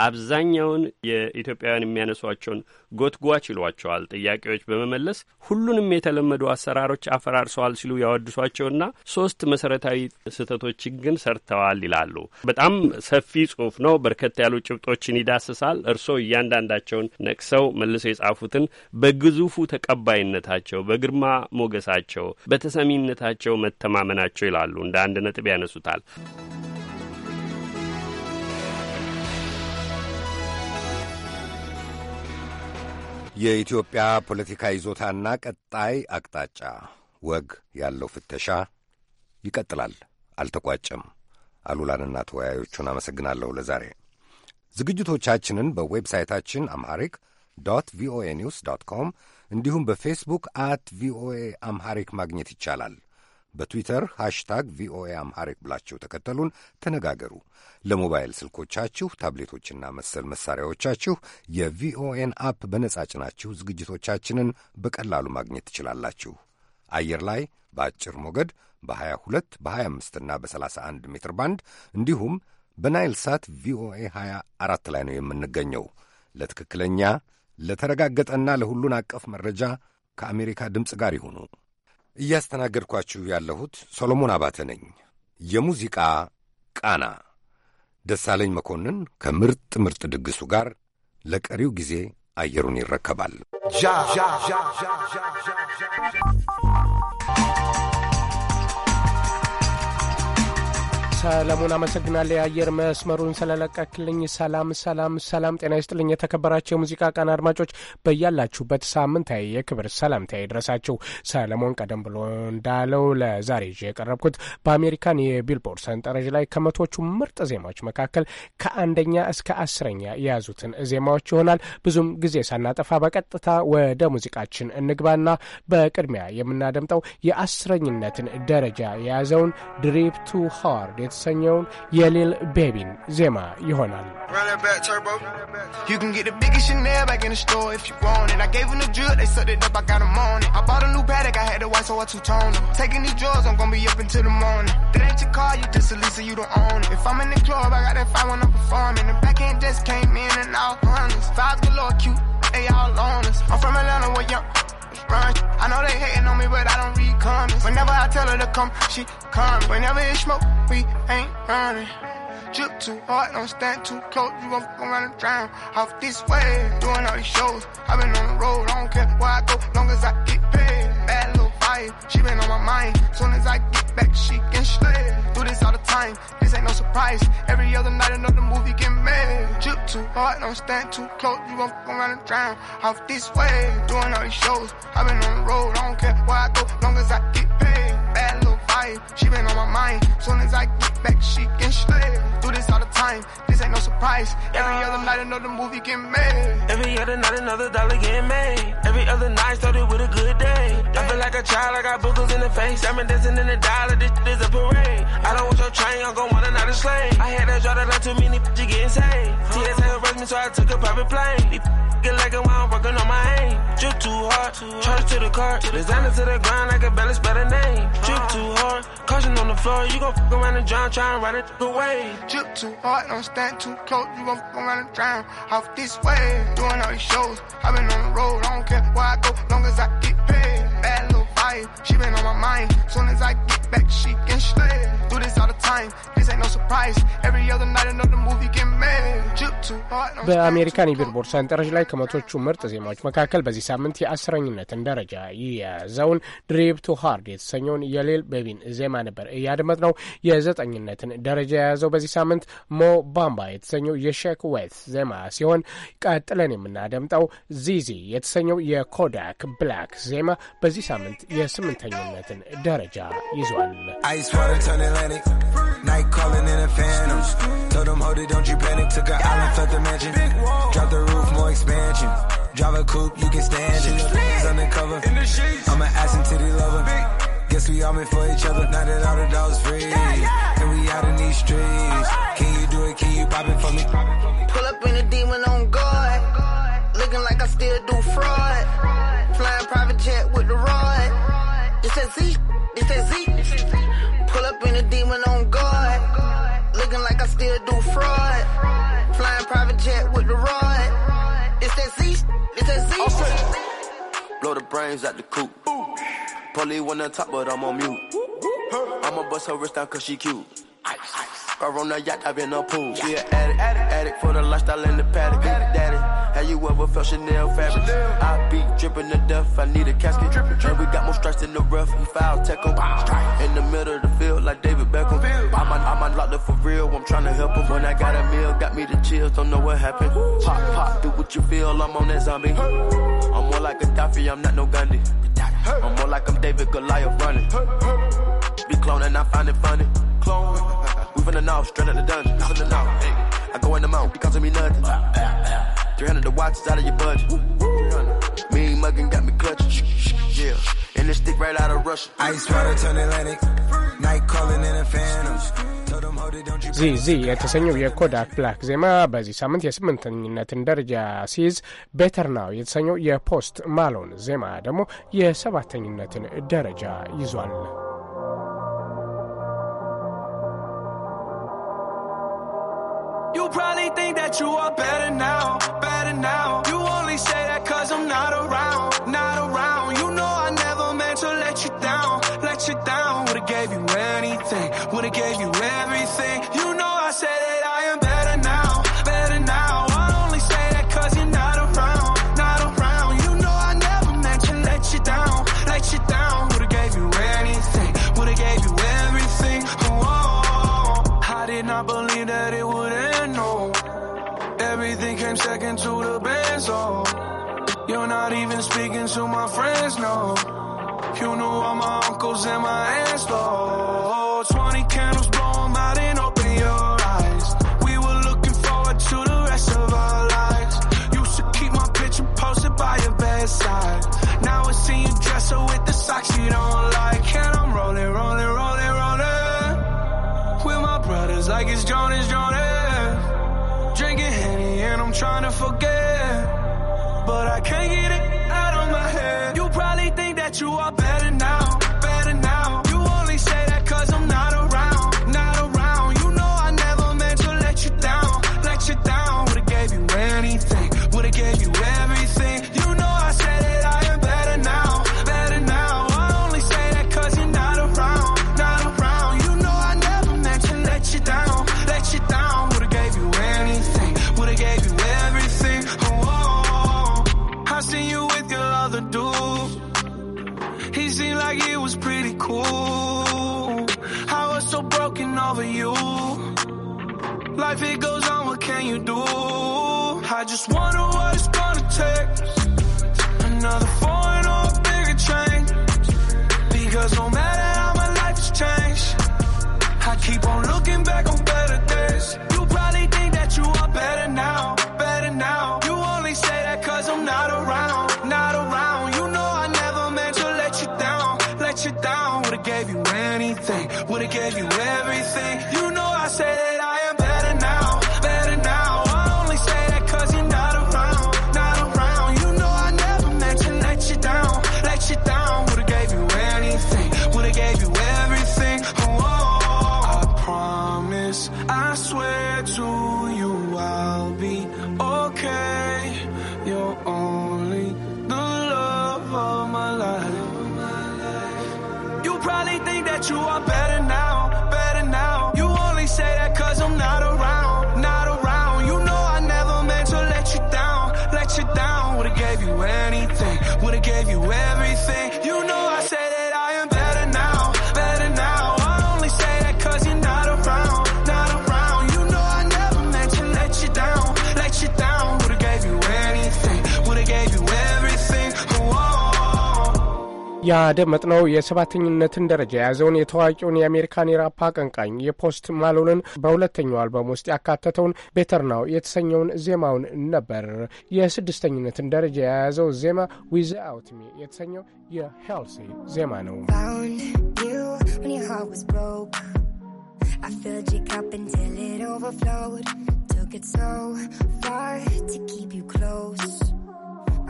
Speaker 9: አብዛኛውን የኢትዮጵያውያን የሚያነሷቸውን ጎትጓች ይሏቸዋል ጥያቄዎች በመመለስ ሁሉንም የተለመዱ አሰራሮች አፈራርሰዋል ሲሉ ያወድሷቸውና ሶስት መሰረታዊ ስህተቶችን ግን ሰርተዋል ይላሉ። በጣም ሰፊ ጽሁፍ ነው። በርከት ያሉ ጭብጦችን ይዳስሳል። እርስዎ እያንዳንዳቸውን ነቅሰው መልሰው የጻፉትን በግዙፉ ተቀባይነታቸው፣ በግርማ ሞገሳቸው፣ በተሰሚነታቸው መተማመናቸው ይላሉ እንደ አንድ ነጥብ ያነሱታል።
Speaker 1: የኢትዮጵያ ፖለቲካ ይዞታና ቀጣይ አቅጣጫ ወግ ያለው ፍተሻ ይቀጥላል፣ አልተቋጨም። አሉላንና ተወያዮቹን አመሰግናለሁ። ለዛሬ ዝግጅቶቻችንን በዌብሳይታችን አምሐሪክ ዶት ቪኦኤ ኒውስ ዶት ኮም እንዲሁም በፌስቡክ አት ቪኦኤ አምሐሪክ ማግኘት ይቻላል። በትዊተር ሃሽታግ ቪኦኤ አምሃሪክ ብላችሁ ተከተሉን፣ ተነጋገሩ። ለሞባይል ስልኮቻችሁ ታብሌቶችና መሰል መሳሪያዎቻችሁ የቪኦኤን አፕ በነጻ ጭናችሁ ዝግጅቶቻችንን በቀላሉ ማግኘት ትችላላችሁ። አየር ላይ በአጭር ሞገድ በ22 በ25 እና በ31 ሜትር ባንድ እንዲሁም በናይል ሳት ቪኦኤ 24 ላይ ነው የምንገኘው። ለትክክለኛ ለተረጋገጠና ለሁሉን አቀፍ መረጃ ከአሜሪካ ድምፅ ጋር ይሁኑ። እያስተናገድኳችሁ ያለሁት ሰሎሞን አባተ ነኝ። የሙዚቃ ቃና ደሳለኝ መኮንን ከምርጥ ምርጥ ድግሱ ጋር ለቀሪው ጊዜ አየሩን ይረከባል።
Speaker 10: ሰለሞን አመሰግናለሁ የአየር መስመሩን ስለለቀክልኝ። ሰላም ሰላም ሰላም፣ ጤና ይስጥልኝ የተከበራቸው የሙዚቃ ቀን አድማጮች በያላችሁበት ሳምንታዊ የክብር ሰላምታ ይድረሳችሁ። ሰለሞን ቀደም ብሎ እንዳለው ለዛሬ ይዤ የቀረብኩት በአሜሪካን የቢልቦርድ ሰንጠረዥ ላይ ከመቶቹ ምርጥ ዜማዎች መካከል ከአንደኛ እስከ አስረኛ የያዙትን ዜማዎች ይሆናል። ብዙም ጊዜ ሳናጠፋ በቀጥታ ወደ ሙዚቃችን እንግባና በቅድሚያ የምናደምጠው የአስረኝነትን ደረጃ የያዘውን ድሪፕ ቱ ሃዋርድ የተሰኘውን የሊል ቤቢን ዜማ ይሆናል።
Speaker 11: You can get the biggest Chanel back in the store if you want it. I gave him the drill, they sucked it up, I got him on it. I bought a new paddock, I had the white, so I two-toned it. Taking these drugs, I'm gonna be up until the morning. That ain't your car, you just a Lisa, you don't own it. If I'm in the club, I got that fire when I'm performing. The back end just came in and all honest. Vibes galore, cute, they all on us. I'm from Atlanta, where young I know they hating on me, but I don't read comments. Whenever I tell her to come, she come. Whenever it's smoke, we ain't running. Drip too hard, don't stand too close. You gon' fuck around and drown off this way. Doing all these shows, I've been on the road. I don't care where I go, long as I get paid. She been on my mind. Soon as I get back, she can slip. Do this all the time. This ain't no surprise. Every other night, another movie get made. Drip too hard, don't stand too close. You won't fuck around and drown. Off this way, doing all these shows. i been on the road, I don't care where I go, long as I get paid. Bad little vibe, she been on my mind. Soon as I get back, she can slip. Do this all the time. This ain't no surprise. Every other night, another movie get made. Every other night, another dollar get made. Every other night started with a good day feel like a child,
Speaker 12: I got boogers in the face. I'm dancing in the dollar, this is a parade. I don't want your train, I'm gon' want another slave. I had that draw that not too many bitches getting saved. TSA harassed me, so I took a private plane. get like a while, working on my aim. Drip too hard, charge to the car. Designer to the ground, like a balance better name. Drip too hard, caution on the floor. You gon' fuck around and drown, try and run it
Speaker 11: away. Drip too hard, don't stand too close. You gon' fuck around and drown. Off this way, doing all these shows. i been on the road, I don't care where I go, long as I get paid. life. She been on my mind. Soon as I get back, she can stay. Do this all the time. This ain't no surprise. Every other night another movie can made. በአሜሪካን
Speaker 10: የቢልቦርድ ሰንጠረዥ ላይ ከመቶቹ ምርጥ ዜማዎች መካከል በዚህ ሳምንት የአስረኝነትን ደረጃ የያዘውን ድሪብ ቱ ሃርድ የተሰኘውን የሌል ቤቢን ዜማ ነበር እያደመጥ ነው። የዘጠኝነትን ደረጃ የያዘው በዚህ ሳምንት ሞ ባምባ የተሰኘው የሼክ ዌት ዜማ ሲሆን ቀጥለን የምናደምጠው ዚዚ የተሰኘው የኮዳክ ብላክ ዜማ በዚህ ሳምንት የ የስምንተኝነትን ደረጃ ይዟል።
Speaker 12: Night calling in the phantom. Told them, hold it, don't you panic. Took an yeah. island, flood the mansion. Drop the roof, more expansion. Drive a coupe, you can stand it. She's undercover. In the I'm an ass and titty lover. Guess we all meant for each other. Now that all the doors free. And we out in these streets. Can you do it? Can you pop it for me?
Speaker 11: Pull up in a demon on guard. Looking like I still do fraud. still do fraud. Flying private jet with the rod. It's that Z, it's that Z. Okay. Blow the brains out the coop. Polly on the top, but I'm on mute. I'ma bust her wrist down cause she cute. I ice. on yacht, I've been a pool. She yeah. an addict, addict, addict for the lifestyle in the paddock. Daddy, have you ever felt Chanel fabric? I be dripping to death, I need a casket. Drippin', drippin'. And we got more strikes in the rough, he foul tech In the middle of the field, like David Beckham. I'm on, I'm on locked for real, I'm trying to help him. When I got a meal, got me the chills, don't know what happened. Pop, pop, do what you feel, I'm on that zombie. I'm more like a Gaddafi, I'm not no Gundy. I'm more like I'm David Goliath running. Be cloning, I find it funny. clone. We finna know, straight out the dungeon. Finna know. I go in the mouth, because of me nothing. 300 the watches out of your budget. Me muggin' got me clutching. Yeah, and this stick right out of Russia. Ice water turn Atlantic. Night calling in a phantom.
Speaker 10: ዚዚ የተሰኘው የኮዳክ ብላክ ዜማ በዚህ ሳምንት የስምንተኝነትን ደረጃ ሲይዝ ቤተር ናው የተሰኘው የፖስት ማሎን ዜማ ደግሞ የሰባተኝነትን ደረጃ ይዟል።
Speaker 12: You probably think that you are better now, better now. You only say that cause I'm not around, not around. You know I never meant to let you down, let you down. Would've gave you anything, would've gave you everything. You know I said it To my friends know. You knew all my uncles and my aunts, though. 20 candles, blow them out and open your eyes. We were looking forward to the rest of our lives. Used to keep my picture posted by your bedside. Now I see you dresser with the socks you don't like. And I'm rolling, rolling, rolling, rolling. With my brothers like it's Jonas, Jonas. Drinking Henny and I'm trying to forget. But I can't get it you are better now
Speaker 10: ያደመጥነው የሰባተኝነትን ደረጃ የያዘውን የታዋቂውን የአሜሪካን የራፕ አቀንቃኝ የፖስት ማሎንን በሁለተኛው አልበም ውስጥ ያካተተውን ቤተርናው የተሰኘውን ዜማውን ነበር። የስድስተኝነትን ደረጃ የያዘው ዜማ ዊዝአውት ሚ የተሰኘው የሄልሲ ዜማ ነው።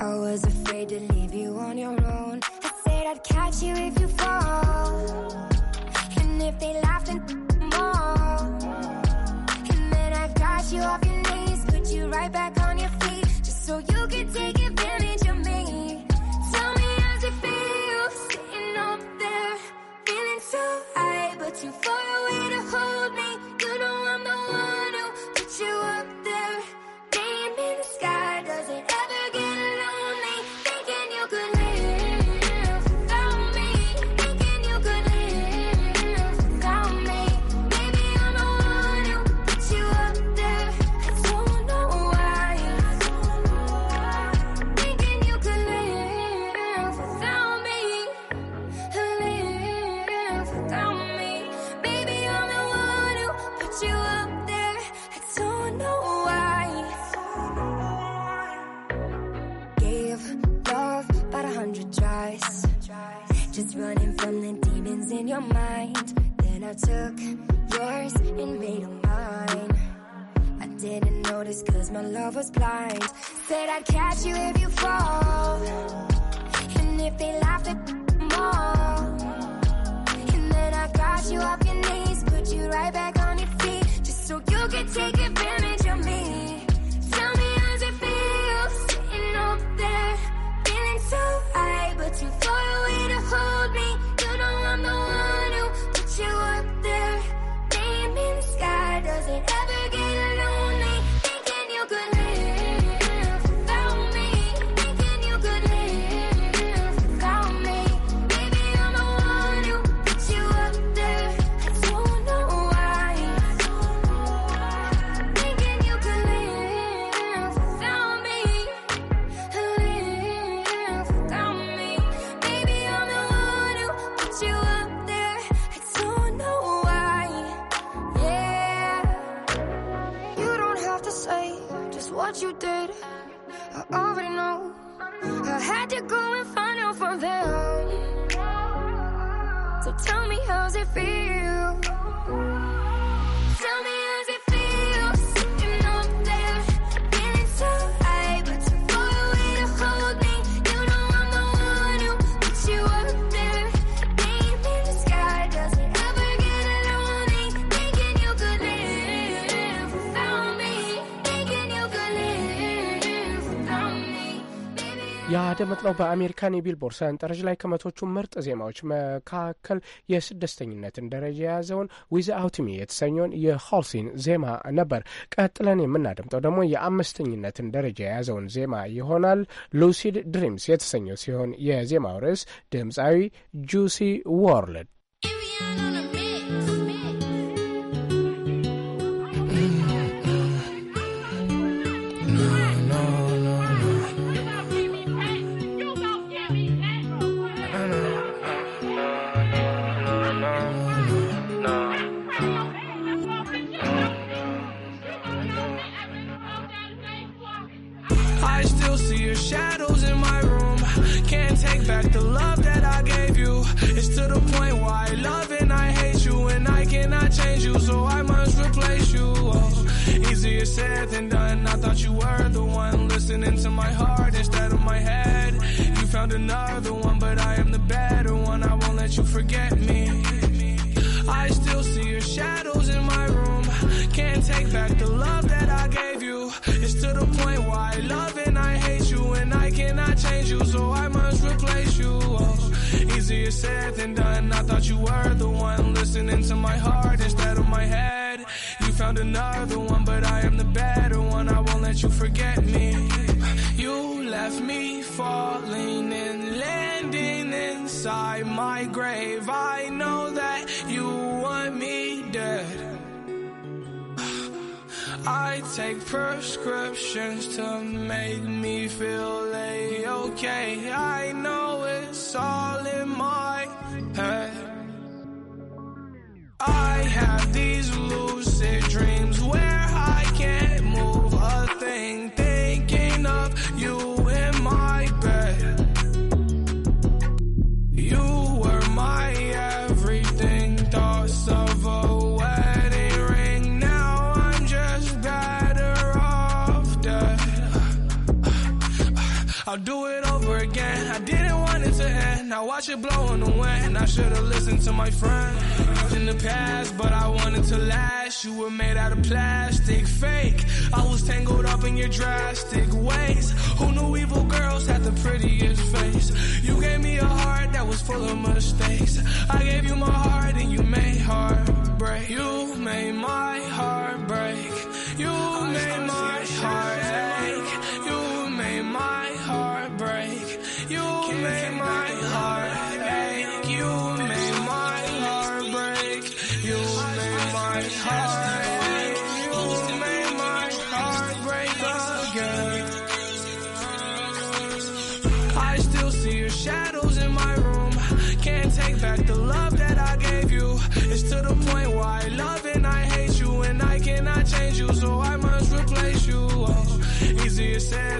Speaker 13: I was afraid to leave you on your own. said I'd catch you if you fall. And if they laughed and more. And then I got you off your knees, put you right back on your feet, just so you could take advantage of me. Tell me how you feel sitting up there, feeling so high, but too far away to hold me. running from the demons in your mind. Then I took yours and made them mine. I didn't notice cause my love was blind. Said I'd catch you if you fall. And if they laughed at them all. And then I got you off your knees.
Speaker 10: ያደመጥነው በአሜሪካን የቢልቦርድ ሰንጠረዥ ላይ ከመቶቹ ምርጥ ዜማዎች መካከል የስድስተኝነትን ደረጃ የያዘውን ዊዝ አውት ሚ የተሰኘውን የሆልሲን ዜማ ነበር። ቀጥለን የምናደምጠው ደግሞ የአምስተኝነትን ደረጃ የያዘውን ዜማ ይሆናል። ሉሲድ ድሪምስ የተሰኘው ሲሆን የዜማው ርዕስ ድምፃዊ ጁሲ ዎርልድ
Speaker 12: questions to I'll do it over again. I didn't want it to end. Now watch it blow in the wind. I should've listened to my friend in the past, but I wanted to last. You were made out of plastic, fake. I was tangled up in your drastic ways. Who knew evil girls had the prettiest face? You gave me a heart that was full of mistakes. I gave you my heart and you made heartbreak. You made my heart break. You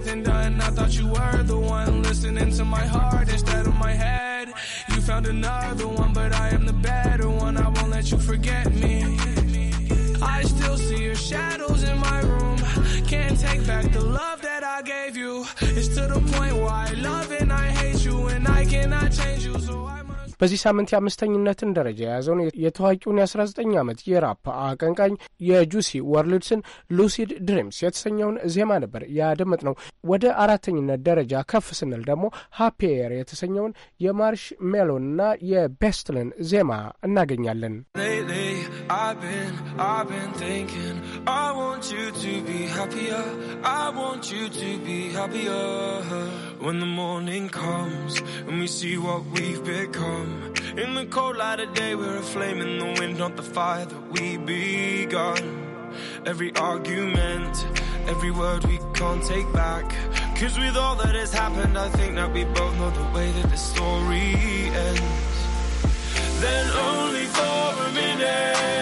Speaker 12: done. I thought you were the one listening to my heart instead of my head. You found another one, but I am the better one. I won't let you forget me. I still see your shadows in my room. Can't take back the love that I gave you. It's to the point where I love and I hate you, and I cannot change you, so I
Speaker 10: በዚህ ሳምንት የአምስተኝነትን ደረጃ የያዘውን የታዋቂውን የ19 ዓመት የራፕ አቀንቃኝ የጁሲ ወርልድስን ሉሲድ ድሪምስ የተሰኘውን ዜማ ነበር ያደመጥ ነው። ወደ አራተኝነት ደረጃ ከፍ ስንል ደግሞ ሀፒየር የተሰኘውን የማርሽ ሜሎን እና የቤስትልን ዜማ እናገኛለን።
Speaker 12: I want you to be happier. I want you to be happier. When the morning comes and we see what we've become. In the cold light of day, we're a flame in the wind, not the fire that we begun. Every argument, every word we can't take back. Cause with all that has happened, I think that we both know the way that the story ends. Then only for a minute.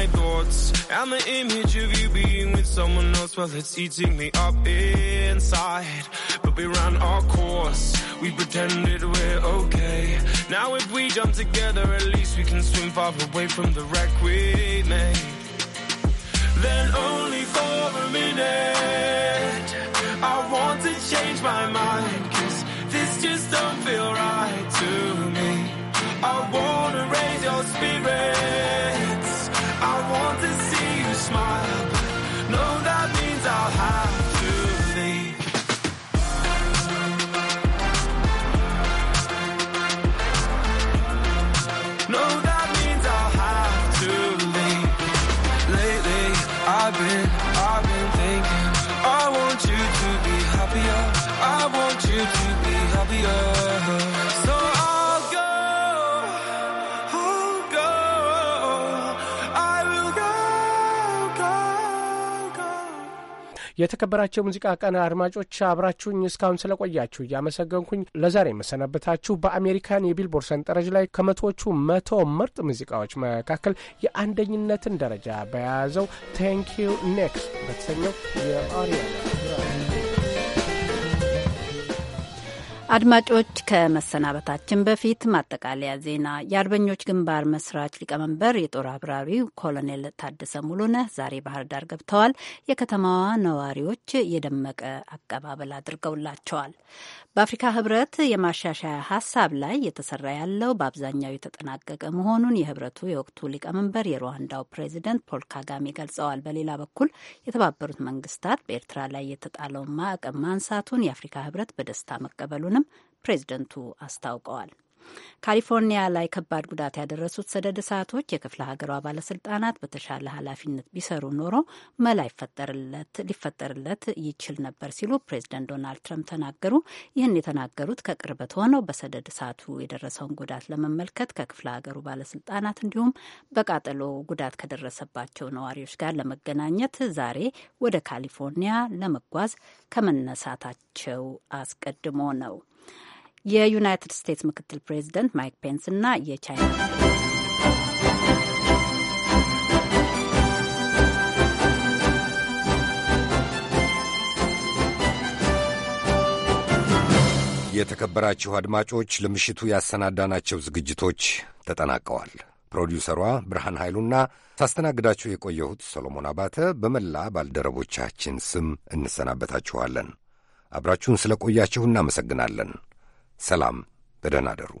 Speaker 12: my thoughts and the image of you being with someone else well it's eating me up inside but we ran our course we pretended we're okay now if we jump together at least we can swim far away from the wreck we made then only for a minute i want to change my mind cause this just don't feel right to me i wanna raise your spirit how high.
Speaker 10: የተከበራቸው የሙዚቃ ቀን አድማጮች አብራችሁኝ እስካሁን ስለቆያችሁ እያመሰገንኩኝ ለዛሬ የመሰናበታችሁ በአሜሪካን የቢልቦርድ ሰንጠረዥ ላይ ከመቶዎቹ መቶ ምርጥ ሙዚቃዎች መካከል የአንደኝነትን ደረጃ በያዘው ቴንኪዩ ኔክስት በተሰኘው
Speaker 13: የአሪያ
Speaker 5: አድማጮች ከመሰናበታችን በፊት ማጠቃለያ ዜና። የአርበኞች ግንባር መስራች ሊቀመንበር የጦር አብራሪው ኮሎኔል ታደሰ ሙሉነህ ዛሬ ባህር ዳር ገብተዋል። የከተማዋ ነዋሪዎች የደመቀ አቀባበል አድርገውላቸዋል። በአፍሪካ ህብረት የማሻሻያ ሀሳብ ላይ እየተሰራ ያለው በአብዛኛው የተጠናቀቀ መሆኑን የህብረቱ የወቅቱ ሊቀመንበር የሩዋንዳው ፕሬዚደንት ፖል ካጋሜ ገልጸዋል። በሌላ በኩል የተባበሩት መንግስታት በኤርትራ ላይ የተጣለውን ማዕቀብ ማንሳቱን የአፍሪካ ህብረት በደስታ መቀበሉንም ፕሬዚደንቱ አስታውቀዋል። ካሊፎርኒያ ላይ ከባድ ጉዳት ያደረሱት ሰደድ እሳቶች የክፍለ ሀገሯ ባለስልጣናት በተሻለ ኃላፊነት ቢሰሩ ኖሮ መላ ሊፈጠርለት ይችል ነበር ሲሉ ፕሬዚደንት ዶናልድ ትራምፕ ተናገሩ። ይህን የተናገሩት ከቅርበት ሆነው በሰደድ እሳቱ የደረሰውን ጉዳት ለመመልከት ከክፍለ ሀገሩ ባለስልጣናት እንዲሁም በቃጠሎ ጉዳት ከደረሰባቸው ነዋሪዎች ጋር ለመገናኘት ዛሬ ወደ ካሊፎርኒያ ለመጓዝ ከመነሳታቸው አስቀድሞ ነው። የዩናይትድ ስቴትስ ምክትል ፕሬዚደንት ማይክ ፔንስ እና የቻይና
Speaker 1: የተከበራችሁ አድማጮች ለምሽቱ ያሰናዳናቸው ዝግጅቶች ተጠናቀዋል። ፕሮዲውሰሯ ብርሃን ኃይሉና ሳስተናግዳችሁ የቆየሁት ሰሎሞን አባተ በመላ ባልደረቦቻችን ስም እንሰናበታችኋለን። አብራችሁን ስለ ቆያችሁ እናመሰግናለን።
Speaker 13: ሰላም፣ በደህና አደሩ።